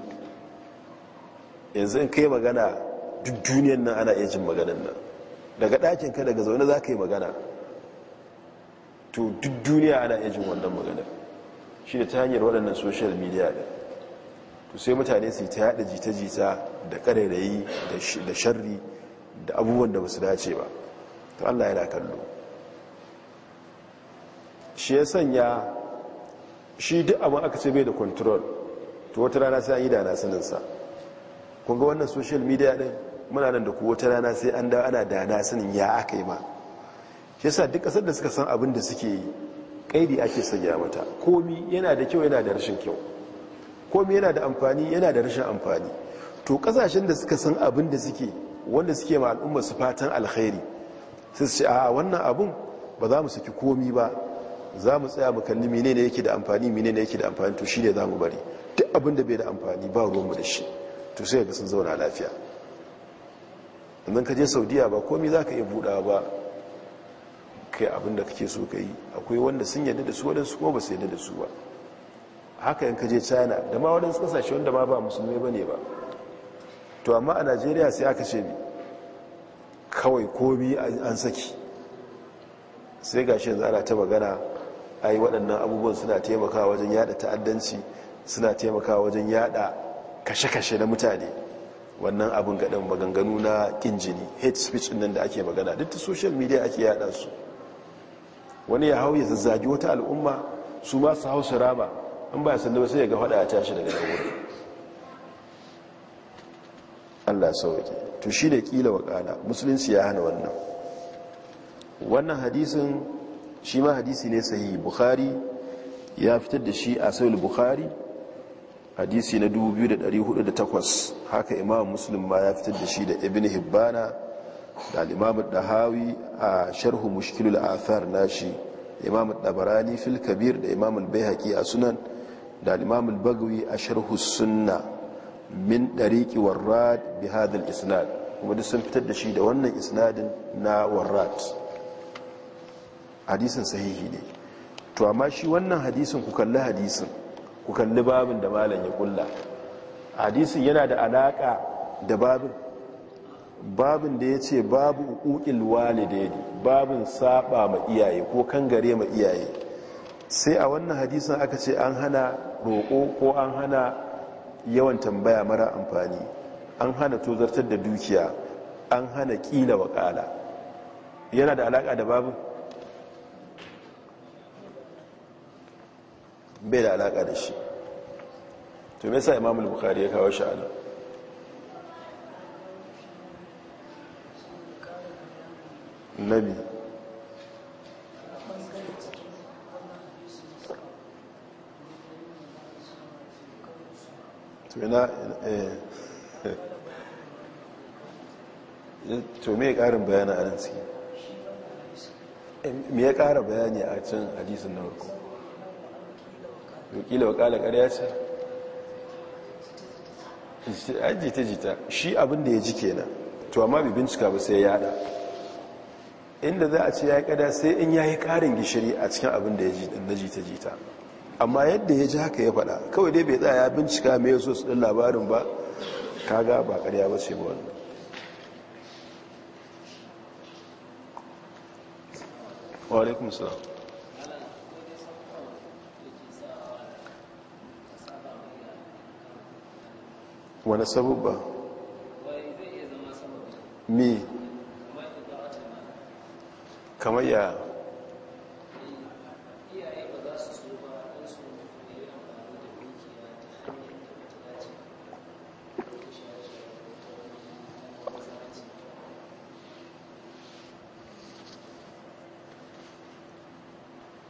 yanzu in kai magana duk duniyan nan ana iya jin maganan nan daga ka daga zaune za ka yi magana to duk duniya ana iya jin wannan magana shi da ta hanyar waɗannan social media ɗin to sai mutane su yi ta yaɗa jita-jita da ƙararrayi da sharri da abubuwan da ba su dace ba to allah yana kallo shi ya sanya shi duk abin aka ce bai da control to wata rana sai an yi da na saninsa kunga wannan social media ɗin muna nan da ku wata rana sai an dawa ana da na sanin ya aka yi ma shi sa duk kasar da suka san abin da suke yi kaidi ake sanya mata komi yana da kyau yana da rashin kyau komi yana da amfani yana da rashin amfani to kasashen da suka san abin da suke wanda suke ma al'umma su fatan alkhairi su ce a wannan abun ba za mu saki komi ba za mu tsaya mu kalli ne yake da amfani ne yake da amfani to ne za mu bari duk abin da bai da amfani ba ruwanmu da shi to sai ga sun zauna lafiya idan ka je saudiya ba komi za ka iya buɗa ba kai abinda kake so ka yi akwai wanda sun yadda da su waɗansu kuma ba su yadda da su ba haka yin ka je china da ma waɗansu kasashe wanda ma ba musulmi ba ne ba to amma a najeriya sai aka ce kawai komi an saki sai ga shi zara ta magana a yi waɗannan abubuwan suna taimakawa wajen yada ta'addanci suna taimakawa wajen yada kashe-kashe na mutane wannan abin gaɗin maganganu na ƙin jini hate speech ɗin da ake magana duk ta social media ake yaɗa su wani ya hau ya zazzagi wata al'umma su ma su hau su rama in ba sanda ba sai ya ga faɗa a tashi daga da wuri allah sauke to shi da ƙila wa ƙala musulunci ya hana wannan wannan hadisin shi ma hadisi ne sahi bukhari ya fitar da shi a sayul bukhari hadisi na 2408 haka imam muslim ma ya fitar da shi da ibn hibbana da imam dahawi a sharhu mushkilul athar nashi imam dabarani fil kabir da imam bai a sunan da imam bagawi a sharhu sunna min dariqi warrad bi hadha isnad kuma duk sun fitar da shi da wannan isnadin na warrad hadisin sahihi ne to amma shi wannan hadisin ku kalli hadisin ku kalli babin da malam ya kulla hadisin yana da alaka da babin babin da ya ce babu da walidaini babin saba ma iyaye ko kangare ma iyaye sai a wannan hadisun aka ce an hana roƙo ko an hana yawan tambaya mara amfani an hana tozartar da dukiya an hana ƙila waƙala yana da alaƙa da babin bai da alaƙa da shi to mai sa imamul bukari ya kawo sha'ala nabi to eh, me karin bayani a nan ciki me ya kara bayani a can hadisun na farko wakila wakala ƙarya ce ajita jita shi abin ya ji kenan to amma bai bincika ba sai ya yada inda za a ce ya yi kada sai in ya yi karin gishiri a cikin abin da ya ji na jita jita amma yadda ya ji haka ya faɗa kawai dai bai tsaya bincika mai yaso su ɗin labarin ba kaga ba karya ba ce ba wani sabubba mi kamar ya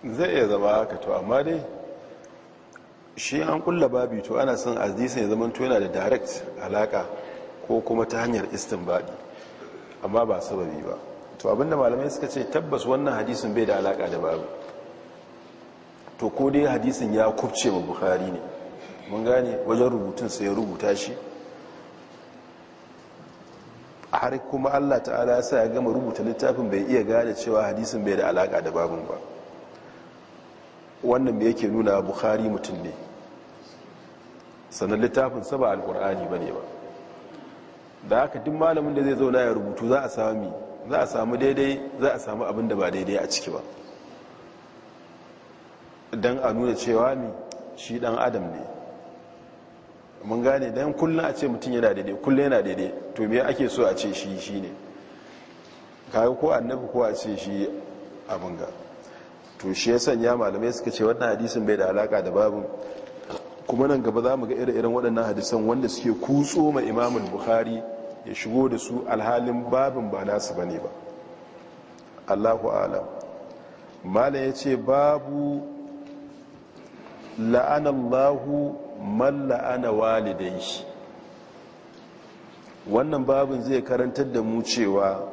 zai iya zama haka to amma dai shi an kulla babi to ana son hadisin ya zamanto yana da direct alaka ko kuma ta hanyar istinbadi amma ba sababi ba to abinda malamai suka ce tabbas wannan hadisin bai da alaka da babu to ko dai hadisin ya kubce ma bukhari ne mun gane wajen rubutun sai ya rubuta shi har kuma Allah ta'ala ya sa ya gama rubuta littafin bai iya gane cewa hadisin bai da alaka da babun ba wannan me yake nuna bukhari mutum ne sannan littafin sa ba alkur'ani ba ne ba da haka duk malamin da zai zauna ya rubutu za a sami za a sami daidai za a sami abin da ba daidai a ciki ba don a nuna cewa ne shi dan adam ne mun gane don kullum a ce mutum yana daidai kullum yana daidai to me ake so a ce shi shi ne kayi ko annabi ko a ce shi abin ga to shi ya sanya malamai suka ce wannan hadisin bai da alaka da babin. kuma nan gaba za mu ga ire-iren waɗannan hadisan wanda suke kutso ma imamun buhari ya shigo da su alhalin babin ba nasu ba ne ba allahu alam malam ya ce babu la'anallahu man la'ana walidai wannan babin zai karantar da mu cewa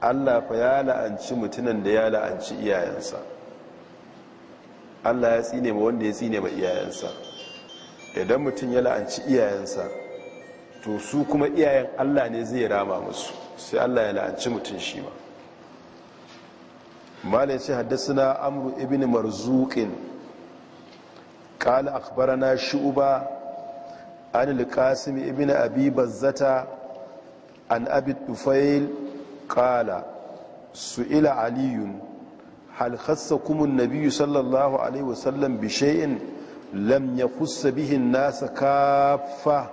allah fa ya la'anci mutunan da ya la'anci iyayensa allah ya tsine ma wanda ya tsine ma iyayensa idan mutum ya la'anci iyayensa to su kuma iyayen allah ne zai rama musu sai allah ya la'anci mutum shi ma malin shi haddasa amru ibn marzuqin qala akhbarana shu'ba an al ibn abi bazzata an abi tufail su ila aliyun hal khassakum an-nabiy sallallahu alaihi wasallam bi shay'in lam yakhuss bihi an-nas kaffa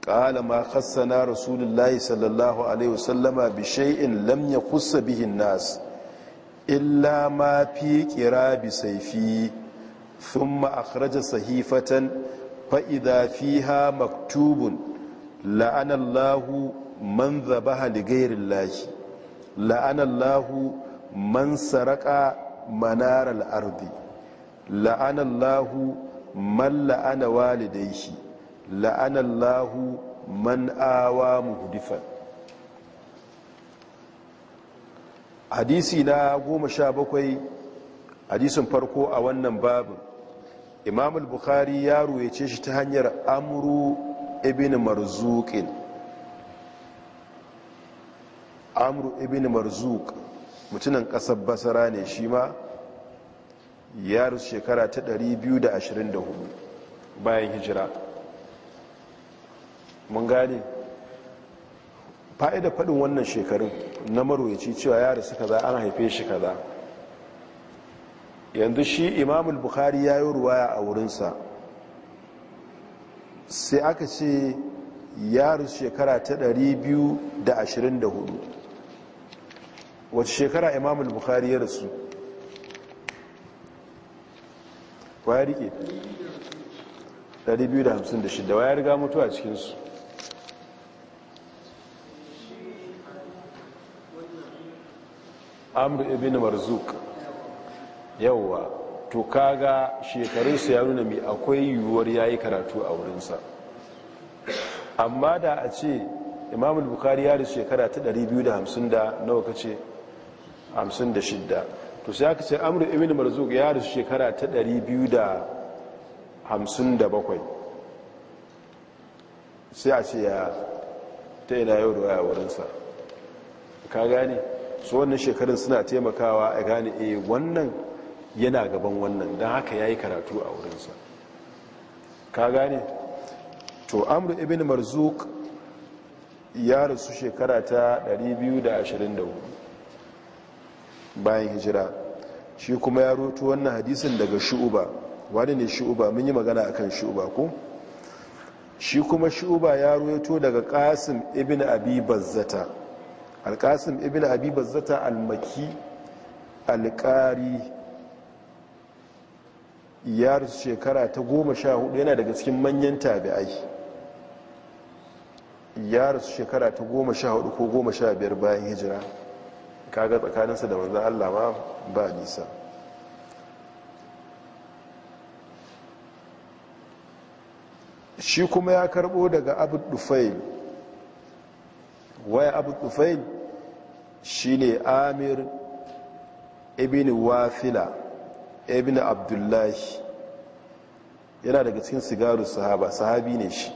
qala ma khassana rasulullahi sallallahu alaihi wasallama bi shay'in lam yakhuss bihi an-nas illa ma fi qirabi sayfi thumma akhraja sahifatan fa idha fiha maktubun la'anallahu man dhabaha li ghayri la'anallahu man saraka manaral ardi la'anallahu man la'ana walidayhi la'anallahu man awa muhdifan hadisi na goma sha bakwai hadisin farko a wannan babin imam bukhari ya ruwece shi ta hanyar amru ibn marzuqin amru ibn marzuq mutunan ƙasar basara ne shi ma ya shekara ta 224 bayan hijira mun gane fa'ida faɗin wannan shekarun na marwaci cewa ya rusu za ana haife shi kaza yanzu shi imamul bukhari ya yi ruwaya a wurinsa sai aka ce ya rusu shekara ta 224 wace shekara imamul bukhari ya rasu waya rike 256 waya riga a cikinsu amur ibn marzuk yawwa to kaga shekarunsa ya nuna mai akwai yiwuwar ya yi karatu a wurinsa amma da a ce imamul bukari ya da shekara ta 250 da nawa ka ce 56 to sai aka ce amur ibn marzuk ya rasu shekara ta 257 sai a ce ya ta ina yau da waya wurinsa ka gane su wannan shekarun suna taimakawa a gane e wannan yana gaban wannan don haka ya yi karatu a wurinsa ka gane to amur ibn marzuk ya rasu shekara ta 224 bayan hijira shi kuma ya roto wannan hadisin daga shu'uba wani ne shu'uba mun yi magana akan shu'uba ko shi kuma shu'uba ya roto daga qasim ibn abi bazzata al-qasim ibn abi bazzata almaki maki ya shekara ta goma sha hudu yana daga cikin manyan tabi'ai ya shekara ta goma sha hudu ko goma sha biyar bayan hijira kaga tsakaninsa da manzan Allah ma ba nisa shi kuma ya karbo daga abu dufail waya abu dufail shi ne amir ibn wafila ibn abdullahi yana daga cikin sigaru sahaba sahabi ne shi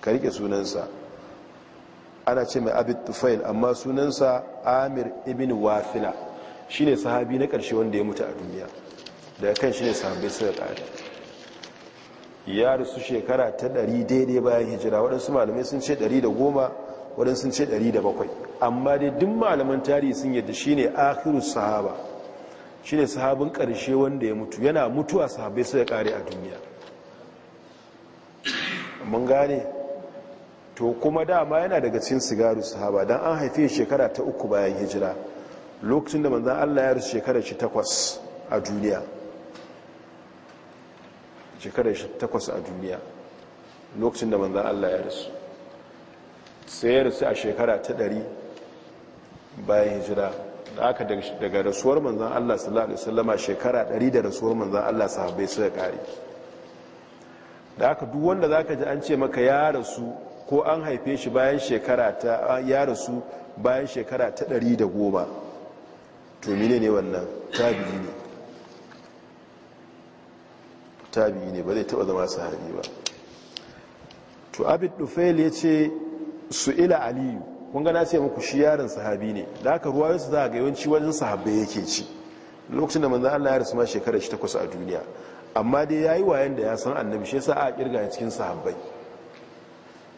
ka rike sunansa ana ce mai abid tufail amma sunansa amir ibn wafila shine sahabi na ƙarshe wanda ya mutu a duniya daga kan shine sahabai suka ƙari ya rasu shekara ta 100 daidai bayan hijira waɗansu malamai sun ce 110 waɗansu sun ce 107 amma dai duk malaman tarihi sun yadda shine akhiru sahaba shine sahabin ƙarshe wanda ya mutu yana mutuwa sahabai suka ƙari a duniya mun gane to kuma dama yana daga cikin sigaru sahaba Don an haife shekara ta uku bayan hijira lokacin da manzan Allah ya rasu shekara shi takwas a duniya shekara shi takwas a duniya lokacin da manzan Allah ya rasu sai ya rasu a shekara ta ɗari bayan hijira da aka daga rasuwar manzan Allah sallallahu Alaihi wasallama shekara ɗari da rasuwar manzan Allah sahabai suka ƙari da aka duk wanda za ka ji an ce maka ya rasu ko an haife shi bayan shekara ta ya rasu bayan shekara ta ɗari da goma to mine ne wannan tabi ne tabi ne ba zai taɓa zama sahabi ba to abid dufail ya ce su ila aliyu kun gana ce muku shi yaron sahabi ne da aka ruwa yasu za a ga yawanci wajen sahabbai yake ci lokacin da manzan allah ya rasu ma shekara shi takwas a duniya amma dai ya yi wayan da ya san annabi shi sa a kirga cikin sahabbai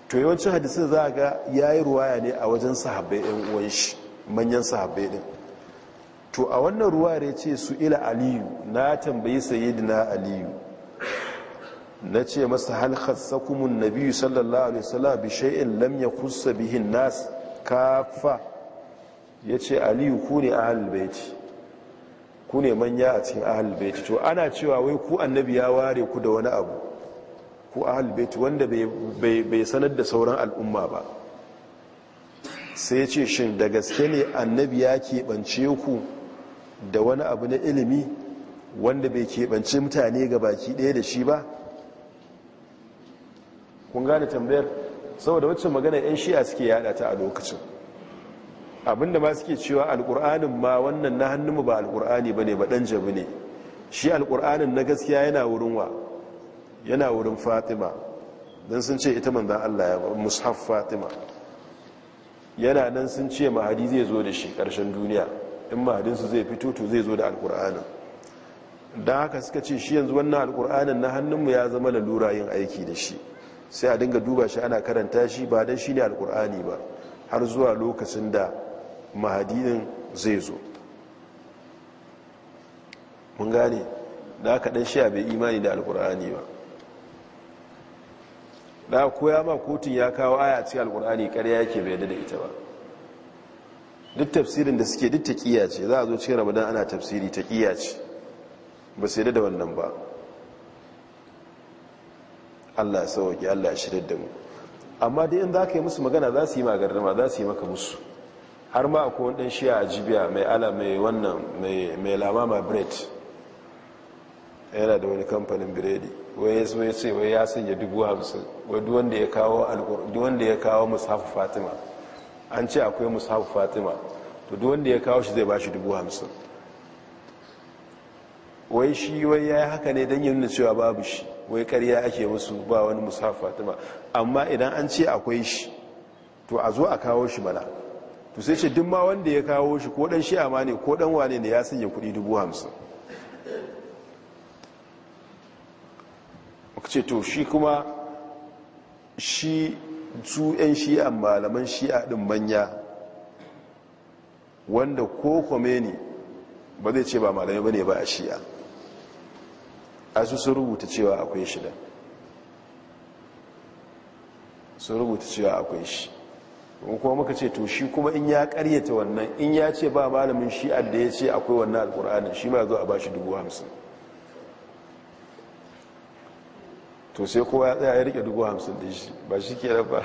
to yawancin hadisun za a ga ya yi ruwaya ne a wajen sahabbai ɗin uwan shi manyan sahabbai ɗin to a wannan ruwa ya ce su ila aliyu na tambayi sayidina aliyu na ce masa halkar sakumun nabiyu sallallahu alaihi wasallam bi shay'in lam kusa bihin nas kafa ya ce aliyu ku ne ahlul baiti ku ne manya a cikin ahlul to ana cewa wai ku annabi ya ware ku da wani abu ko ahal baiti wanda bai sanar da sauran al'umma ba sai ce shin da gaske ne annabi ya keɓance ku da wani abu na ilimi wanda bai keɓance mutane ga baki ɗaya da shi ba kun gane tambayar saboda wacce magana 'yan shi'a suke yada ta a lokacin abinda ma suke cewa alƙur'anin ma wannan na hannunmu ba alƙur'ani ba ne ba ɗan jabi ne shi alƙur'anin na gaskiya yana wurin wa yana wurin fatima don sun ce ita manzan allah ya mushaf fatima yana nan sun ce mahadi zai zo da shi ƙarshen duniya in mahadinsu zai fito to zai zo da alƙur'anin don haka suka ce shi yanzu wannan alƙur'anin na hannunmu ya zama lalura yin aiki da shi sai a dinga duba shi ana karanta shi ba don shi ne alƙur'ani ba har zuwa lokacin da mahadinin zai zo mun gane da aka dan shi bai imani da alƙur'ani ba da koya ma kotun ya kawo aya cikin alkur'ani ƙarya yake bai yadda da ita ba duk tafsirin da suke duk taƙiya ce za a zo cikin ramadan ana tafsiri taƙiya ce ba su da wannan ba allah ya sauwaƙi allah ya shirar da mu amma dai in za ka yi musu magana za su yi magarama za su yi maka musu har ma akwai wani ɗan shiya a jibiya mai ala mai wannan mai lamama bread yana da wani kamfanin biredi wai ya ya ce wai ya sanya dubu hamsin wai duwanda ya kawo duwanda ya kawo fatima an ce akwai musafi fatima to duwanda ya kawo shi zai ba shi dubu hamsin wai shi wai ya yi haka ne don yin cewa babu shi wai karya ake musu ba wani musafi fatima amma idan an ce akwai shi to a zo a kawo shi mana to sai ce duk ma wanda ya kawo shi ko dan shi ma ne ko dan wane ne ya sanya kuɗi dubu hamsin ce to shi kuma shi su 'yan shi'a malaman shi'a ɗin manya wanda ko ne ba zai ce ba malamai ba ne ba a shi'a a su sun rubuta cewa akwai shida sun rubuta cewa akwai shi kuma muka ce to shi kuma in ya karyata wannan in ya ce ba malamin shi'a da ya ce akwai wannan alkur'anin shi ma zo a ba shi dubu hamsin to sai kowa ya tsaya ya rike dubu hamsin da shi ba shi ke ba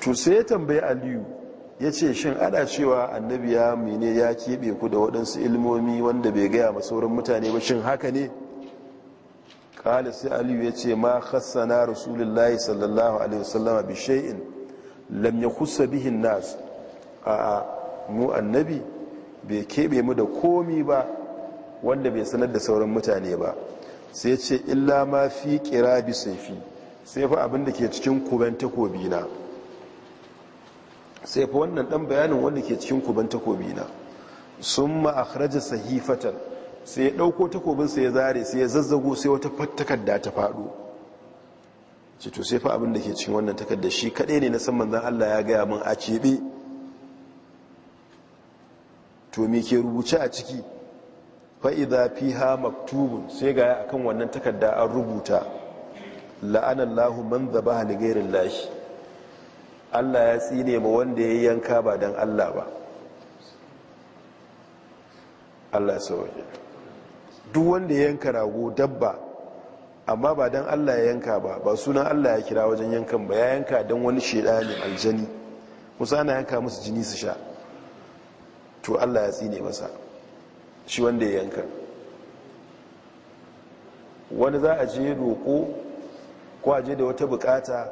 to sai ya tambayi aliyu ya ce shin ana cewa annabi ya mene ya keɓe ku da waɗansu ilmomi wanda bai gaya ma sauran mutane ba shin haka ne ƙali sai aliyu ya ce ma hassana rasulullahi sallallahu alaihi wasallama bi shay'in lam kusa bihin nas a'a mu annabi bai keɓe mu da komi ba wanda bai sanar da sauran mutane ba sai ce illa ma fi kira bi saifi sai fa abin da ke cikin kuban takobi na sai fa wannan dan bayanin wanda ke cikin kuban takobi na summa akhraja sahifatan sai ya dauko takobin sai ya zare sai ya zazzago sai wata da ta fado ce to sai fa abin da ke cikin wannan takarda shi kadai ne na san manzon Allah ya gaya min a cebe to me ke rubuce a ciki fa'iza fi ha maktubun sai ga akan wannan takarda an rubuta la'anallahu man zaba haligairin lashi allah ya tsine ma wanda ya yanka ba don allah ba allah sauye duk wanda ya yanka rago dabba amma ba don allah ya yanka ba ba sunan allah ya kira wajen yankan ba ya yanka don wani ne aljani musa na yanka musu jini su sha to allah ya tsine masa shi wanda ya yanka wani za a je roƙo ko a je da wata bukata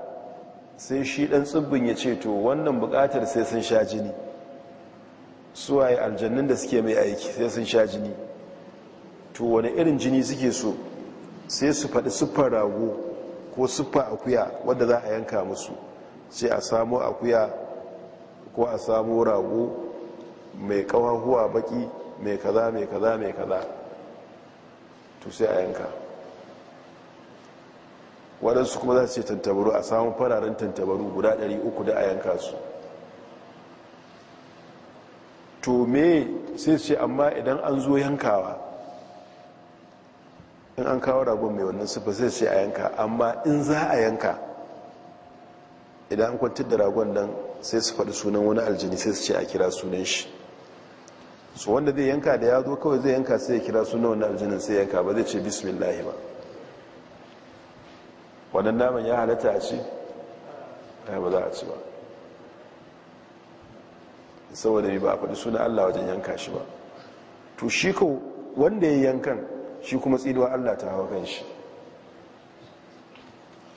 sai shi ɗan tsibbin ya ce to wannan bukatar sai sun sha jini suwaye aljannin da suke mai aiki sai sun sha jini to wani irin jini suke so sai su faɗi siffar rago ko siffar akuya wadda za a yanka musu sai a samu akuya ko a samu rago mai kawahuwa baƙi mai kaza mai kaza mai kaza to sai a yanka waɗansu kuma za su ce tantabaru a samun fararen tantabaru guda 300 da a yanka su to me sai su ce amma idan an zo yankawa in an kawo ragon mai wannan sufa sai sai a yanka amma in za a yanka idan an kwantar da ragon nan sai su faɗi sunan wani aljini sai su ce a kira sunan shi su wanda zai yanka da ya zo kawai zai yanka sai ya kira suna wani aljinin sai yanka ba zai ce bismillah ba wannan naman ya halatta a ci ya eh, ba za a ci ba saboda ba a faɗi suna allah wajen yanka shi ba to shi ko wanda ya yankan shi kuma tsidowa allah ta hawa kan shi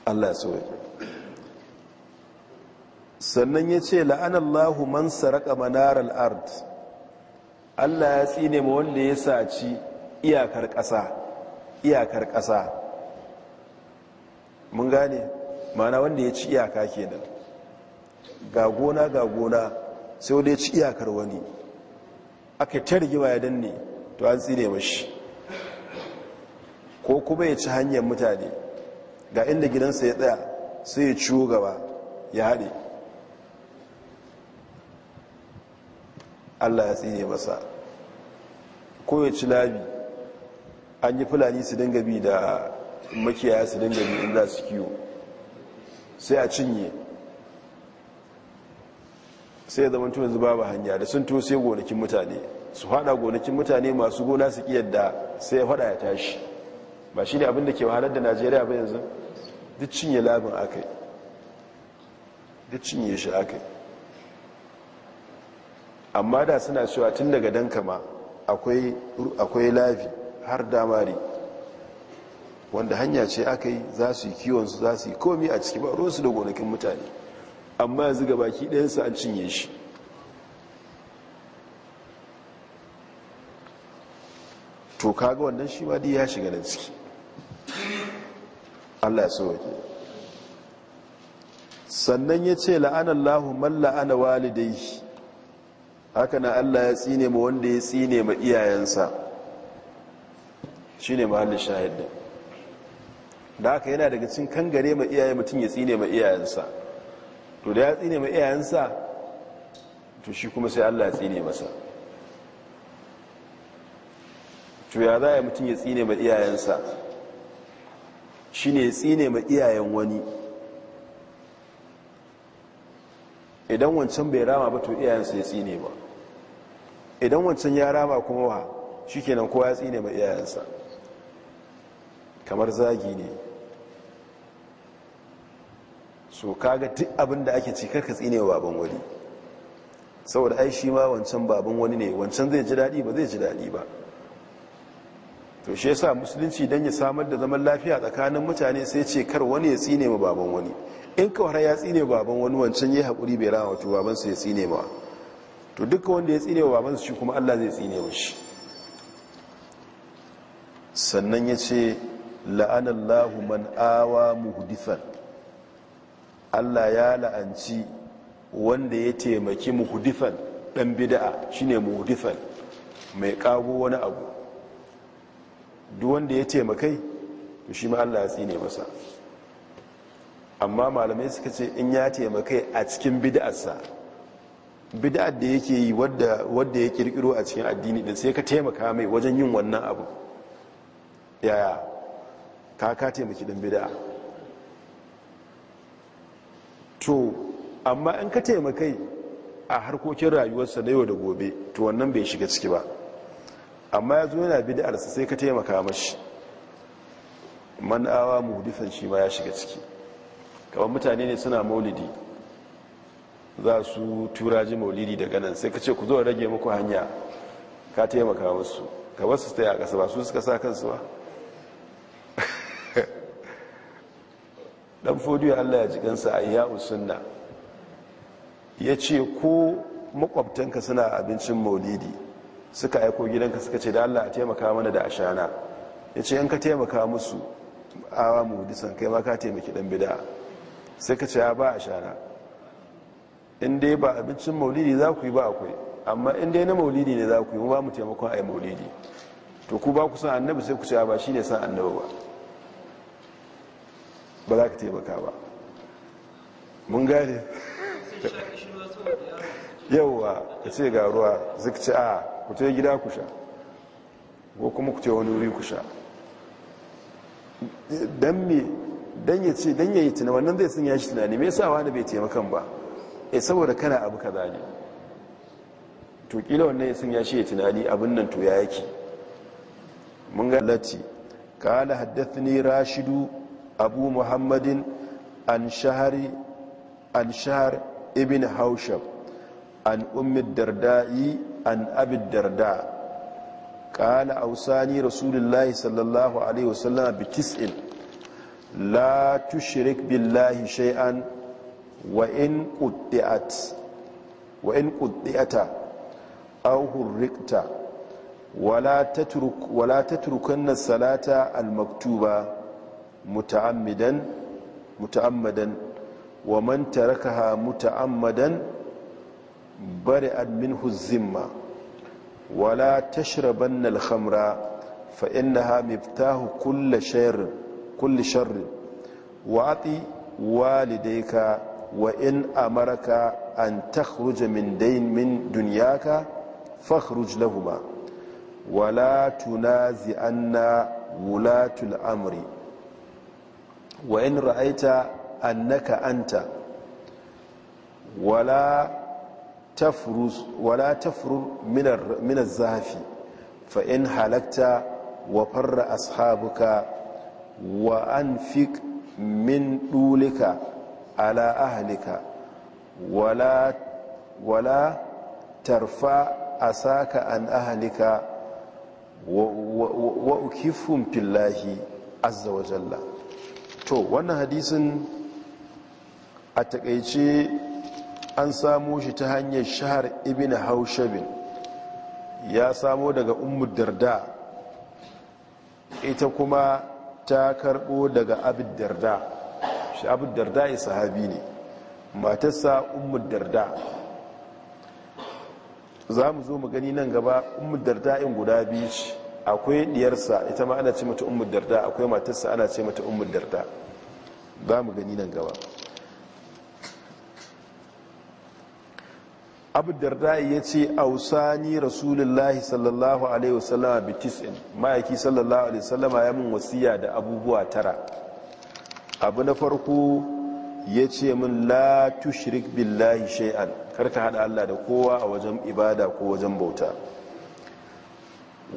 allah ya sauri. sannan ya ce la'anallahu man saraka manar al'ard Allah ya tsine ma wanda ya saci iyakar ƙasa iyakar ƙasa mun gane mana wanda ya ci iyaka kenan ga gona ga gona sai wanda ya ci iyakar wani aka ta rigima ya danne to an tsine mashi ko kuma ya ci hanyar mutane ga inda gidansa ya tsaya sai ya ciwo gaba ya haɗe allah ya tsine masa ko ya ci labi an yi fulani su dinga bi da makiyaya su dinga bi inda su kiwo sai a cinye sai ya zama zuba babu hanya da sun to sai gonakin mutane su hada gonakin mutane masu gona su da sai ya hada ya tashi ba shi ne abinda ke wahalar da najeriya ba yanzu duk cinye labin aka yi duk cinye shi aka yi amma da suna cewa tun daga danka ma akwai lafi har damari wanda hanya ce aka yi za su yi kiwonsu za su yi komi a ciki ba su da gonakin mutane amma yanzu ga baki ɗayansu an cinye shi to kaga wannan shi ma ya shiga nan ciki allah ya sauwake sannan ya ce la'anallahu man la'ana walidai haka na allah ya tsine ma wanda ya tsine ma iyayensa shi ne mahallin shahidin da haka yana daga cin kangare ma iyaye mutum ya tsine ma iyayensa to da ya tsine ma iyayensa to shi kuma sai allah ya tsine masa to ya za a mutum ya tsine ma iyayensa shi ne ya tsine ma iyayen wani idan wancan bai rama ba to iyayensa ya tsine ba idan wancan ya rama kuma wa shi kenan kowa ya tsine mai iyayensa kamar zagi ne so kaga duk abin da ake ci ka tsine wa baban wani saboda ai shi ma wancan baban wani ne wancan zai ji daɗi ba zai ji daɗi ba to shi yasa musulunci don ya samar da zaman lafiya tsakanin mutane sai ce kar wani ya tsine ma baban wani in kawar ya tsine baban wani wancan ya haƙuri bai rawa wato babansa ya tsine ma to duka wanda ya tsine wa babansa shi kuma Allah zai tsine wa shi sannan ya ce la'anallahu man awa Allah ya la'anci wanda ya taimaki muhdifan dan shi shine muhudifan mai kago wani abu duk wanda ya taimakai to shi ma Allah ya tsine masa amma malamai suka ce in ya taimakai a cikin bida'arsa bid'ar da yake yi wadda ya kirkiro a cikin addini din sai ka taimaka mai wajen yin wannan abu yaya ka ka taimaki din bid'a to amma in ka taimakai a harkokin rayuwarsa na yau da gobe to wannan bai shiga ciki ba amma ya zo yana bid'arsa sai ka taimaka mashi man awa muhdifan shi ma ya shiga ciki kamar mutane ne suna maulidi za su tura ji maulidi daga nan sai ka ce ku zo rage muku hanya ka taimaka musu ka wasu ta a ƙasa ba su suka sa kansu ba dan fodiyo allah ya jikansa a iya usunna ya ce ko makwabtanka suna abincin maulidi suka aiko gidanka suka ce da allah a taimaka mana da ashana ya ce in ka taimaka musu awa mu disan kai ma ka taimaki dan bida sai ka ce ya ba ashana in dai ba abincin maulidi za ku yi ba akwai amma in dai na maulidi ne za ku yi ba mu taimakon a yi maulidi to ku ba ku san annabi sai ku ce ba shi ne san annabi ba ba za ka taimaka ba mun gane yauwa ka ce ga ruwa zika ce a ku ce gida ku sha ko kuma ku ce wani wuri ku sha don me ya ce don ya yi tunanin wannan zai sun yashi tunani mai sawa da bai taimakan ba eh saboda kana abu kaza ne to kila wannan sun ya shi tunani abin nan to ya yake mun ga lati qala haddathni rashidu abu muhammadin an shahari an shahr ibn haushab an ummi darda'i an abi darda qala awsani rasulullahi sallallahu alaihi wasallam bi la la tushrik billahi shay'an wa in ƙuddi'ata an wala ta turkunan salata almaktuba muta'ammadan wa man tarakaha muta'ammadan bari admin huzzimma wala tashraban alhamra fa'innaha miftahu kulle sharri wa ati walidai ka wa in ka an takhruja min dain min dunyaka fakhruj lahuma wala tunazi anna wulatul amri wa in ra'aita annaka anta wala tafruz wala tafrur min az-zahfi fa in halakta wa farra ashabuka wa anfiq min dulika ala أهلك wala ولا tarfa أساك an أهلك wa في fillahi عز وجل تو to wannan hadisin a takaice an samo shi ta hanyar shahar ibn haushabin ya samo daga ummu darda ita kuma ta karbo daga abin darda shi abu darda ya sahabi ne matarsa umar darda za mu zo mu gani nan gaba umar darda in guda biyu ce akwai diyarsa ita ma ana ce mata umar darda akwai matarsa ana ce mata umar darda za mu gani nan gaba abu darda ya ce ausani rasulullahi sallallahu alaihi wasallama bitis'in ma'aiki sallallahu alaihi wasallama ya mun wasiya da abubuwa tara abu na farko ya ce min la tushrik billahi shay'an karka hada Allah da kowa a wajen ibada ko wajen bauta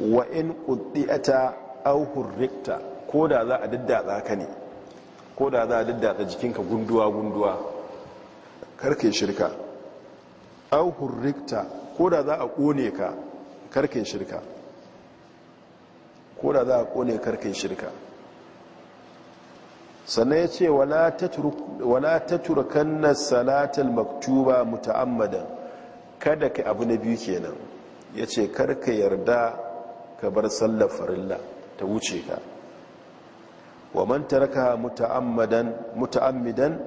wa in quddiata aw hurrikta ko da za a daddatsa ka ne ko da za a daddatsa jikinka gunduwa gunduwa karka shirka aw hurrikta ko da za a kone ka karka shirka ko da za a kone karka shirka sannan ya ce wala ta turkan na salatar maktuba muta'ammadan kada ka abu na biyu kenan ya ce karka yarda ka bar sallar farilla ta wuce ka wa man taraka muta'ammadan muta'ammidan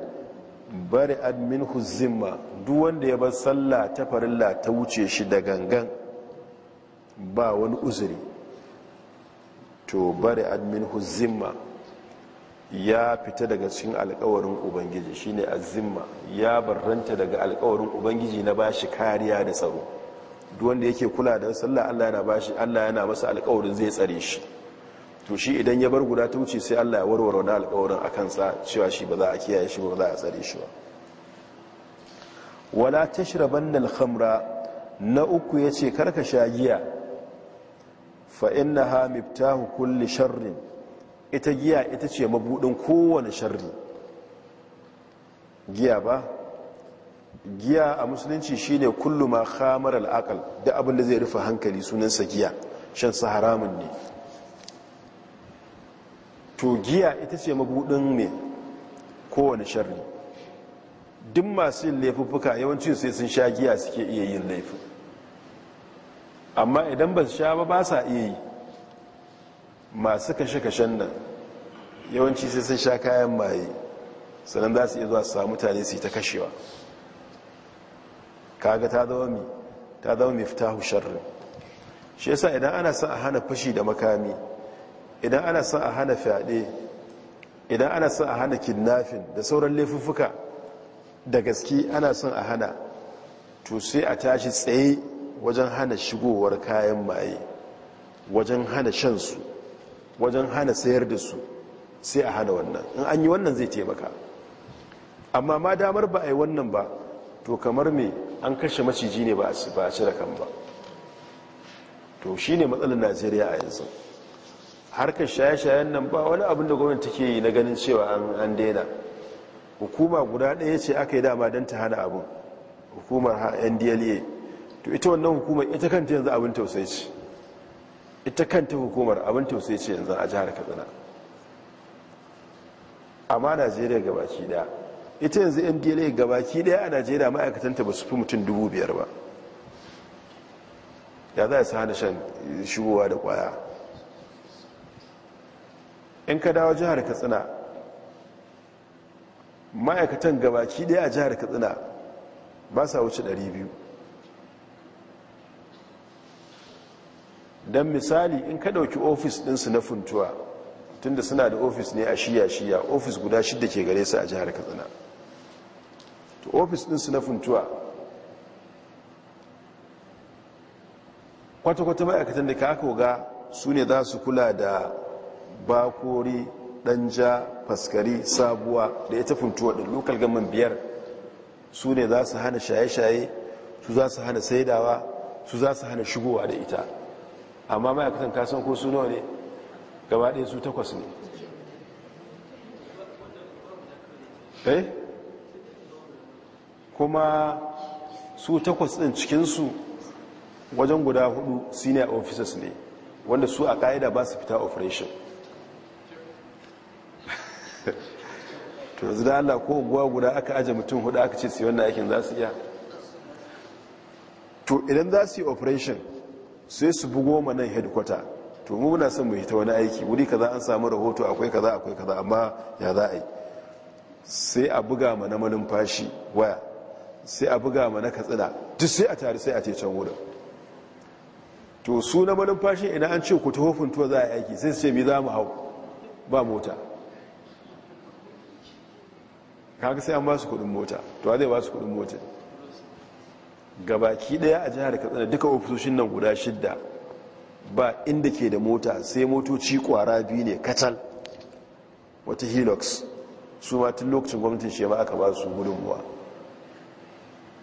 bari admin huzimma duk wanda ya bar sallah ta farilla ta wuce shi da gangan ba wani uzuri to bari admin huzimma ya fita daga cikin alkawarin ubangiji shine azimma ya barranta daga alkawarin ubangiji na bashi kariya da tsaro duk wanda yake kula da sallah Allah yana bashi Allah yana masa alkawarin zai tsare shi to shi idan ya bar guda ta wuce sai Allah ya warware wani alkawarin a sa cewa shi ba za a kiyaye shi ba za a tsare shi ba wala tashrabanna al-khamra na uku yace karka shagiya fa innaha miftahu kulli sharrin ita giya ita ce mabudin kowane sharri giya ba giya a musulunci shine kullu ma khamar al'aqal da abin da zai rufe hankali sunansa giya shan sa haramun ne to giya ita ce mabudin ne kowane sharri duk masu yin laifuka yawanci sai sun sha giya suke iya yin laifin amma idan ba su sha ba ba sa iya yi masu kashe-kashen nan yawanci sai sun sha kayan maye sannan za su iya zuwa sa samu mutane su yi ta kashewa kaga ta zama mai ta zama mai fita husharri shi yasa idan ana sa a hana fashi da makami idan ana sa a hana fyaɗe idan ana sa a hana kidnafin da sauran laifuffuka da gaske ana son a hana to sai a tashi tsaye wajen hana shigowar kayan maye wajen hana shansu wajen hana sayar da su sai a hana wannan in an yi wannan zai taimaka amma ma damar ba a yi wannan ba to kamar mai an kashe maciji ne ba a cire kan ba to shi ne matsalar najeriya a yanzu harkar shaye-shayen nan ba wani abin da gwamnati ke yi na ganin cewa an daina hukuma guda ɗaya ce aka yi dama don ta hana abin hukumar ndla to ita wannan hukumar ita kanta yanzu abin tausai ce ita kanta hukumar abin tausayi ce yanzu a jihar katsina amma najeriya gabaki daya ita yanzu mdla gabaki daya a najeriya ma'aikatanta ba su fi mutum dubu biyar ba ya za a sa hana shan shigowa da kwaya in ka dawo jihar katsina ma'aikatan gabaki daya a jihar katsina ba sa wuce 200 don misali in ka ɗauki ofis ɗinsu na funtuwa tunda suna da ofis ne a shiya-shiya ofis guda shidda ke gare su a jihar katsina to ofis ɗinsu na funtuwa kwata-kwata ma'aikatan da ka koga su ne za su kula da bakori danja faskari sabuwa da ita funtuwa da lokal gaman biyar su ne za su hana shaye-shaye su za su hana saidawa su za su hana shigowa da ita amma ma'aikatan kasan ko su nawa ne gaba ɗaya su takwas ne eh kuma su takwas ɗin cikinsu wajen guda hudu senior officers ne wanda su a ƙa'ida ba su fita operation to yanzu da allah ko guwa guda aka aje mutum hudu aka ce siyon yi wannan aikin za su iya to idan za su yi operation sai su bugo ma nan headquarter to mu muna son mu yi ta wani aiki wuri kaza an samu rahoto akwai kaza akwai kaza amma ya za a yi sai a buga ma na malumfashi waya sai a buga ma na katsina duk sai a tare sai a ce can wurin to su na malumfashi ina an ce ku ta to za a yi aiki sai su ce mi za mu hau ba mota kaka sai an ba su kudin mota to a zai ba su kudin mota gabaki daya a jihar katsina duka ofisoshin nan guda shidda ba inda ke da mota sai motoci kwara biyu ne katal wata helix su ma tun lokacin gwamnatin shema aka ba su gudunmuwa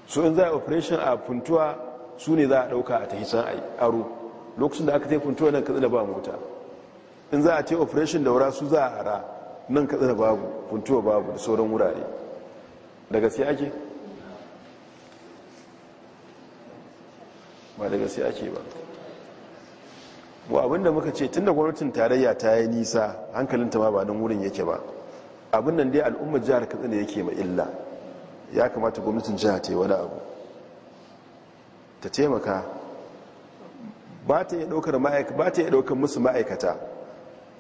Su in za a operation a funtuwa su ne za a dauka a tahisan aro lokacin da aka ta funtuwa nan katsina ba mota in za a ce operation wura su za a ara nan katsina babu funtuwa babu da sauran wurare da gaske ake ba daga sai ake ba abinda muka ce tun da gwamnatin tarayya ta yi nisa hankalinta ma ba nan wurin yake ba abin nan dai al'ummar jihar katsina yake ma illa ya kamata gwamnatin jihar ta yi wani abu ta taimaka ba ta yi ɗaukar musu ma'aikata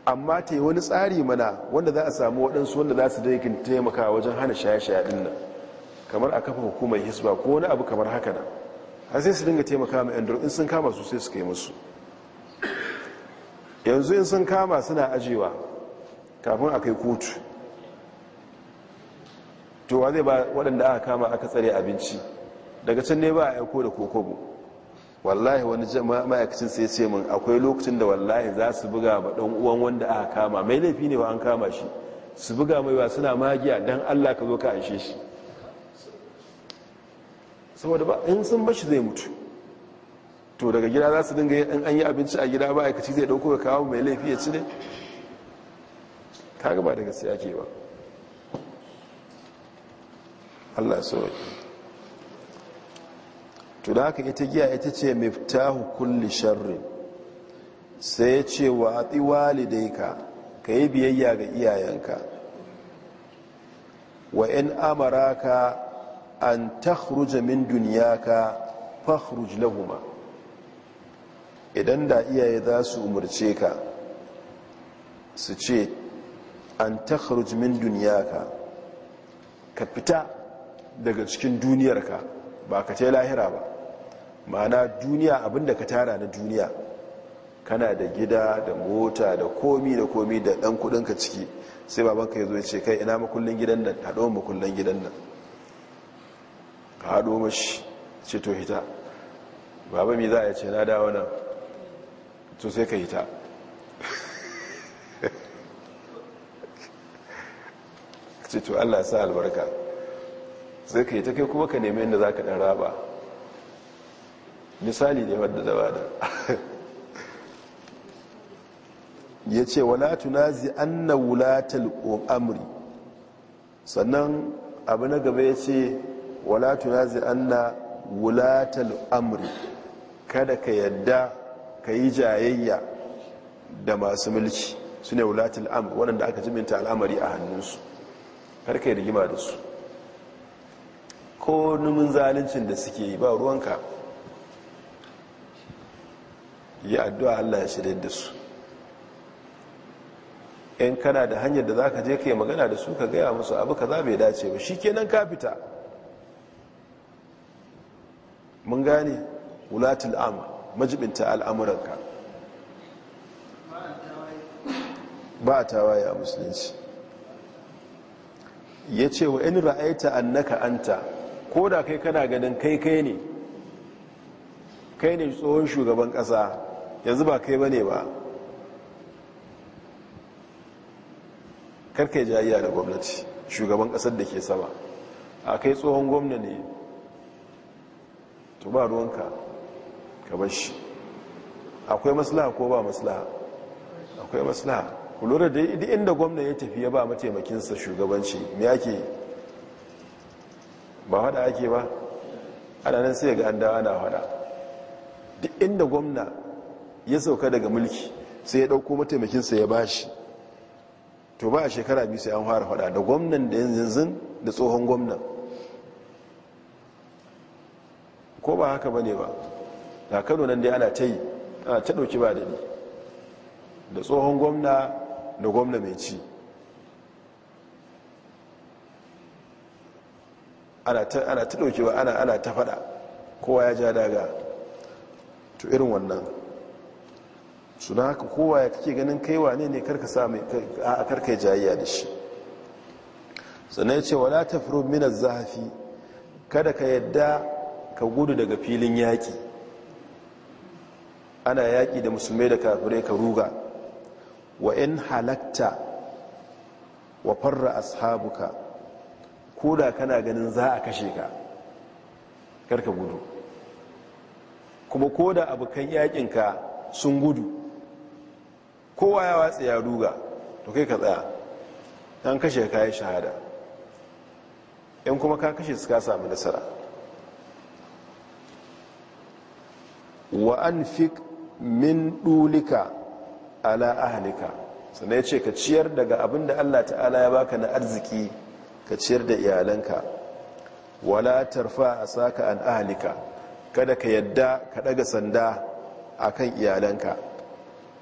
amma ta yi wani tsari mana wanda za a samu waɗansu wanda za su daikin taimaka wajen hana shaye-shaye ɗin nan kamar a kafa hukumar hisba ko wani abu kamar haka nan a sai su dinga taimaka ma 'yan in sun kama su sai su kai musu yanzu in sun kama suna ajiyewa kafin a kai kotu wa zai ba waɗanda aka kama aka tsare abinci daga can ne ba a aiko da kokobo wallahi wani ma'aikacin sai ce min akwai lokacin da wallahi za su buga ba ɗan uwan wanda aka kama mai laifi ne wa an kama shi su buga mai ba suna magiya don allah ka zo ka anshe shi saboda ba in sun bashi zai mutu to daga gida za su dinga in an yi abinci a gida ba a kaci zai dauko ga kawo mai laifi ya ci ne kaga ba daga sai ake ba Allah sauki to da haka ita giya ita ce miftahu kulli sharri sai ya ce wa ati ka yi biyayya ga iyayenka wa in ka. an takhruja min duniyaka fakhruj lahuma idan da iyaye za su umurce ka su ce an takhruj min dunyaka ka fita daga cikin duniyarka ba ka tai lahira ba ma'ana duniya abinda ka tara na duniya kana da gida da mota da komi da komi da dan ka ciki sai babanka ya zo ya ce kai ina makullin gidan nan haɗo makullin gidan nan ka haɗo mashi ce to hita baba mi za a ce na dawo nan to sai ka hita ce to allah sa albarka sai ka hita kai kuma ka nemi inda za ka ɗan raba misali ne wadda zaba da ya ce wala tunazi na wulatar amri sannan abu na gaba ya ce wala tunazi anna wulatal amri kada ka yadda ka yi jayayya da masu mulki su ne wulatal amri waɗanda aka jiminta al'amari a hannunsu har ka yi rigima da su ko numin zaluncin da suke yi ba ruwanka yi addu'a allah ya shirin da su in kana da hanyar da za ka je ka yi magana da su ka gaya musu abu ka za bai dace ba shi kenan ka fita mun gane wulatul amur majibinta al'amuranka ba a tawaye a musulunci ya ce wa in ra'aita annaka anta ko da kai kana ganin kai kai ne kai ne tsohon shugaban ƙasa yanzu ba kai ba ne ba karkai jayiya da gwamnati shugaban ƙasar da ke sama a kai tsohon gwamna ne to ba ruwanka ka bar shi akwai maslaha ko ba maslaha akwai maslaha ku lura da duk inda gwamna ya tafi ya ba mataimakinsa shugabanci me ake ba hada ake ba ana nan sai ga an dawa na hada duk inda gwamna ya sauka daga mulki sai ya dauko mataimakinsa ya bashi to ba a shekara biyu sai an fara hada da gwamnan da yanzu da tsohon gwamnan ko ba haka ba ne ba da kano nan dai ana ta yi ana ta ɗauki ba ni da tsohon gwamna da gwamna mai ci ana ta ɗauki ba ana ta faɗa kowa ya ja daga to irin wannan suna haka kowa ya kake ganin kaiwa ne ne karka sami a karka jayayya da shi sannan ya ce wa ta furo minar zafi kada ka yadda ka gudu daga filin yaƙi ana yaƙi da musulmai da kafirai ka ruga wa in halakta wa farra ashabuka ko da kana ganin za a kashe ka karka gudu kuma ko da abokan yaƙinka sun gudu kowa ya watsa ya ruga to kai ka tsaya an kashe ka yi shahada in kuma ka kashe su ka sami nasara wa fi min dulika ala ahlika sannan ya ce ka ciyar daga abin da Allah ta'ala ya baka na arziki ka ciyar da iyalanka wala tarfa a saka an ahlika kada ka yadda ka daga sanda a kan iyalanka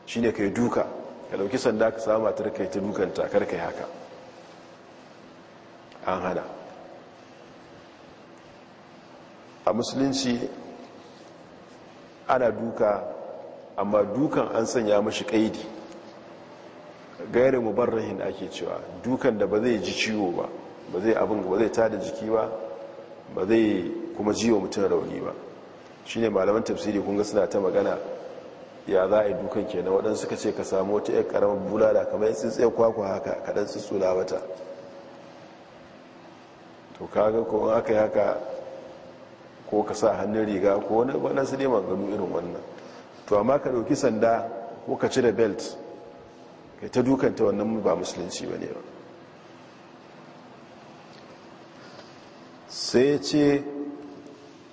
shine kai duka ka dauki sanda ka samu matar ka yi ta dukanta kar yi haka an hana a musulunci ana duka amma dukan an sanya mashi kaidi gairin mubarrahin ake cewa dukan da ba zai ji ciwo ba ba zai abin ba zai tada jiki ba ba zai kuma jiwa mutum rauni ba shi ne malaman tafsiri kunga suna ta magana ya za a yi dukan kenan waɗansu suka ce ka samu wata yar ƙaramin bulala kamar yin tsaye kwakwa haka kaɗan tsutsula wata to kaga ko aka yi haka ko ka sa hannun riga ko wani waɗansu ne maganu irin wannan to amma ka ɗauki sanda ko ka cire belt ka ta dukanta wannan ba musulunci ba ne ba sai ce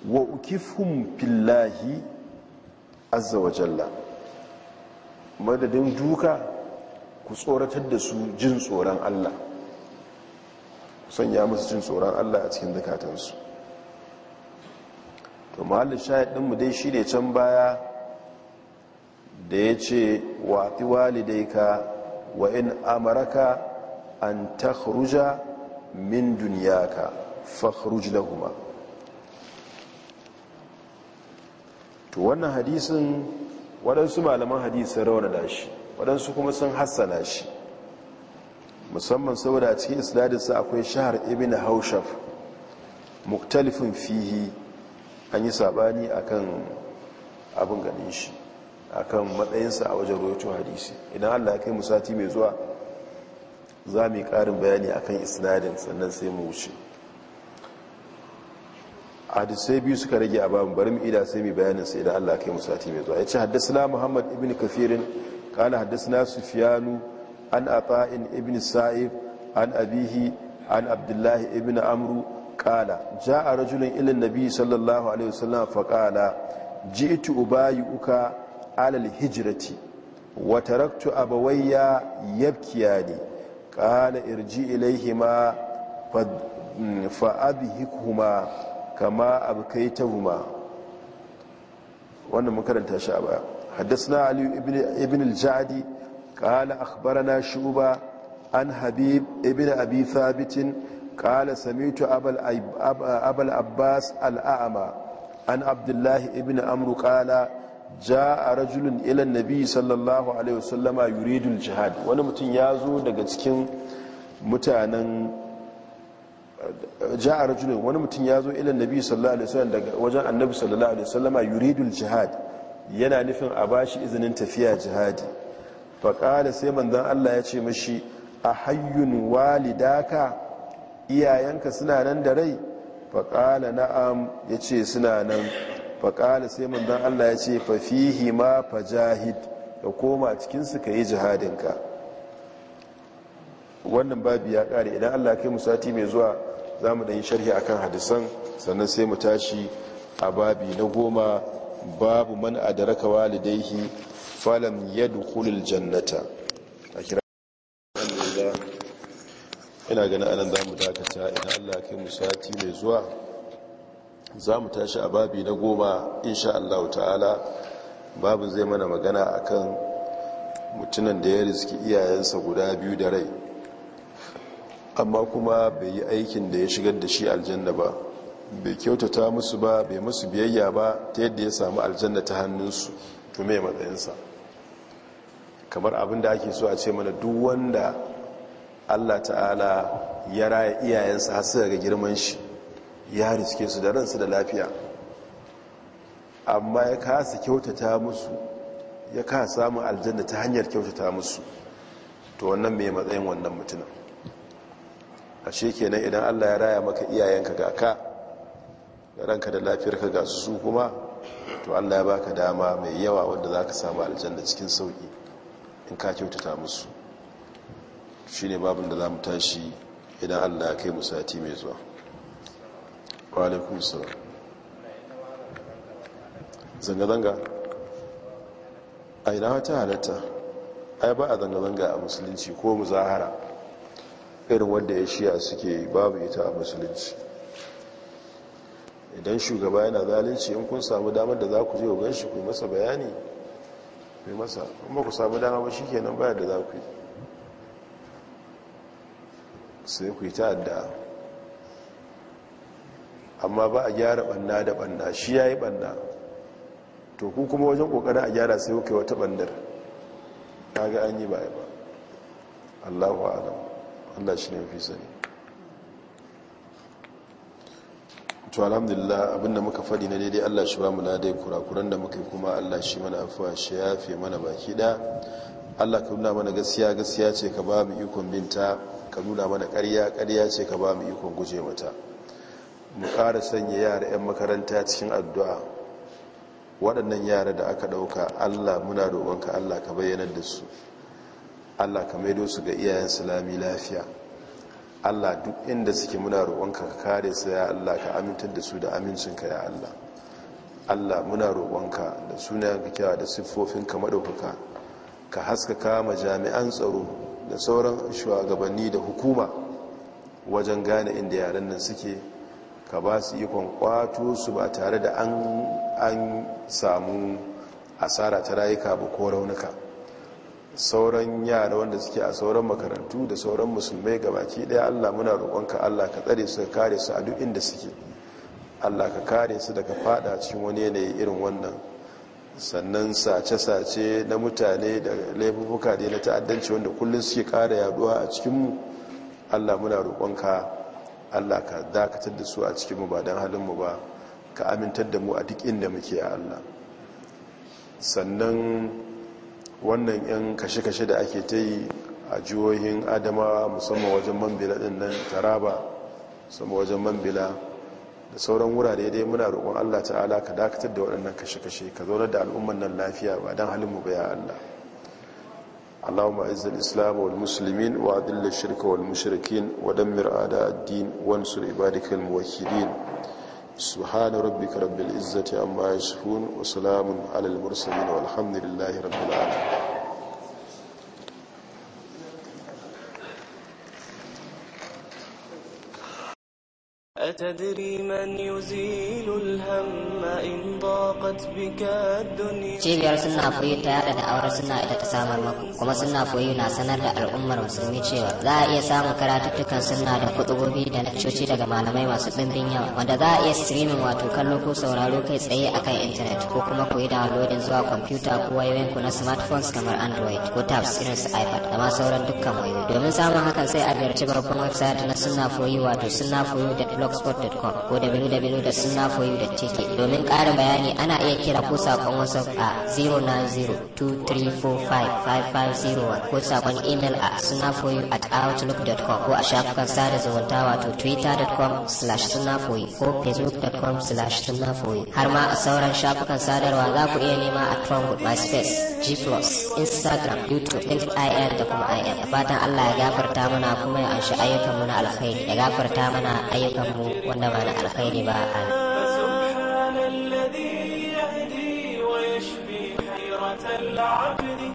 wa ukifhum fillahi azza wa jalla madadin duka ku tsoratar da su jin tsoron allah sanya musu jin tsoron allah a cikin dukatansu to mahallin shahid mu dai shi ne can baya da ya ce wa fi ka wa in amaraka an takhruja min duniyaka fakhruj lahuma to wannan hadisin waɗansu malaman hadisin raunana shi waɗansu kuma sun hassana shi musamman saboda cikin isnadinsa akwai shahar ibn haushaf muktalifin fihi an yi sabani akan abin ganin shi akan matsayinsa a wajen rohoto hadisi idan allah kai musati mai zuwa za mu yi karin bayani akan isnadin sannan sai mu wuce hadisai biyu suka rage a babu bari mu ida sai mu bayanin sai idan allah kai musati mai zuwa ya ce haddasa muhammad ibn kafirin kana haddasa na sufiyanu an ata'in ibn sa'ib an abihi an abdullahi ibn amru kala ja a rajulun ilin nabi sallallahu alaihi wasallam faƙala ji iti ubayi uka alal hijirati wata raktu abawaiya yabkiya ne ƙala irji ilaihi ma fa’adihikuma kama abkaitahuma wannan makaranta sha baya haddasa aliyu ibn al-jadi ƙala akbara na shuba an habib ibn abi thabitin ƙala samitu abal abbas al'a'ama an abdullahi ibn amru ƙala ja a rajulun ilan nabi sallallahu alaihi wasallama yuridul jihad wani mutum ya zo daga cikin mutanen ja a rajulun wani mutum ya zo ilan nabi sallallahu alaihi wasallam daga wajen annabi sallallahu alaihi wasallama yuridul jihad yana nufin a bashi izinin tafiya jihadi faƙada sai manzan Allah ya ce mashi a hayyun walidaka iyayenka suna nan da rai faƙala na'am ya ce suna nan faƙala sai manzan allah ya ce fafihi ma fajahid da koma cikinsu ka yi jihadinka wannan babu ya ƙare idan allah kai musati mai zuwa za mu ɗanyi sharhi sharhi akan hadisan sannan sai mu tashi a babi na goma babu man adaraka walidaihi falam yadkhulul jannata ina gani anan za mu dakata idan allah kai mu sati mai zuwa za mu tashi a babi na goma insha Allah, ta'ala babu zai mana magana akan mutunan da ya riski iyayensa guda biyu da rai amma kuma bai yi aikin da ya shigar da shi aljanna ba bai kyautata musu ba bai musu biyayya ba ta yadda ya samu aljanna ta hannunsu to mai matsayinsa kamar abin da ake so a ce mana duk wanda allah ta'ala ya raya iyayensa har su daga girman shi ya riske su da ransu da lafiya amma ya kasa kyautata musu ya kasa samun aljanna ta hanyar kyautata musu to wannan mai matsayin wannan mutunan a kenan idan allah ya raya maka iyayenka ga ka da ranka da lafiyarka ga su kuma to allah ya baka dama mai yawa wanda za ka samu aljanna cikin sauki in ka kyautata musu shine babin da za mu tashi idan allah ya kai mu sati mai zuwa walaikun sura zanga-zanga a idan wata halatta ai ba a zanga-zanga a musulunci ko muzahara irin wanda ya shiya suke babu ita a musulunci idan shugaba yana zalunci in kun samu damar da za ku je ku gan shi ku masa bayani ku masa kuma ku samu dama ba shi kenan bayar da za ku yi sai ku yi ta addu'a amma ba a gyara banna da banna shi ya yi banna to ku kuma wajen kokarin a gyara sai kuka yi wata bandar kaga an yi baya ba allahu adam allah shi ne fi sani to alhamdulillah abinda muka fadi na daidai allah shi ba mu dai kurakuran da muka yi kuma allah shi mana afuwa shi ya fi mana baki da allah ka nuna mana gaskiya gaskiya ce ka ba mu ikon binta ka nuna mana karya karya ce ka ba mu ikon guje mata mu ƙara sanya yara 'yan makaranta cikin addu'a waɗannan yara da aka ɗauka allah muna roƙonka allah ka bayyanar da su allah ka maido su ga iyayen salami lafiya allah duk inda suke muna roƙonka ka kare su ya allah ka amintar da su da amincinka ya allah allah muna roƙonka da sunayen ka da siffofinka maɗaukaka ka haskaka ma jami'an tsaro da sauran shugabanni da hukuma wajen gane inda yaren nan suke ka ba su ikon kwato su ba tare da an samu asara ta rayuka ba ko raunuka sauran yara wanda suke a sauran makarantu da sauran musulmai gabaki daya allah muna roƙonka allah ka tsare su ka kare su a duk inda suke allah ka kare su daga fada cikin wani yanayi irin wannan sannan sace-sace na mutane da laifuka ne na ta'addanci wanda kullum suke kara yaduwa a cikinmu allah muna roƙonka allah ka dakatar da su a cikinmu ba don halinmu ba ka amintar da mu a duk inda muke a allah sannan wannan 'yan kashe-kashe da ake ta yi a jihohin adamawa musamman wajen mambila ɗin nan taraba musamman wajen mambila da sauran wurare dai muna roƙon Allah ta'ala ka dakatar da waɗannan kashe-kashe ka zaunar da al'umman nan lafiya ba don halin mu baya Allah Allahumma izzil islam wal musulmin wa adilla shirka wal mushrikin wa dan a'da ad-din wa ansur ibadikal muwahhidin subhana rabbika rabbil izzati amma yasifun wa salamun alal mursalin walhamdulillahi rabbil alamin أتدري من يزيل الهم إن ضاقت بك الدنيا cibiyar suna koyi ta yada da auren suna ita ta samar maku kuma suna na sanar da al'ummar musulmi cewa za a iya samun karatuttukan suna da kuɗubobi da coci daga malamai masu ɗimbin yawa wanda za a iya streaming wato kallo ko sauraro kai tsaye akan intanet ko kuma koyi downloading zuwa kwamfuta ko wayoyinku na smartphones kamar android ko tabs irin su ipad da ma sauran dukkan wayoyi domin samun hakan sai a ziyarci babban website na suna wato suna koyi da blog blogspot.com ko www.sunnafoyu.tk domin ƙarin bayani ana iya kira ko sakon WhatsApp a 09023455501 ko sakon email a sunnafoyu at outlook.com ko a shafukan sada zumunta wato twitter.com slash sunnafoyu ko facebook.com slash sunnafoyu har ma a sauran shafukan sadarwa za ku iya nema a Trumpet, MySpace, G+, plus Instagram, YouTube, LIR da kuma IM. Fatan Allah ya gafarta mana kuma ya anshi ayyukanmu na alkhairi ya gafarta mana ayyukanmu والنوال على خير ما فسبحان الذي يهدي ويشفي حيرة العبد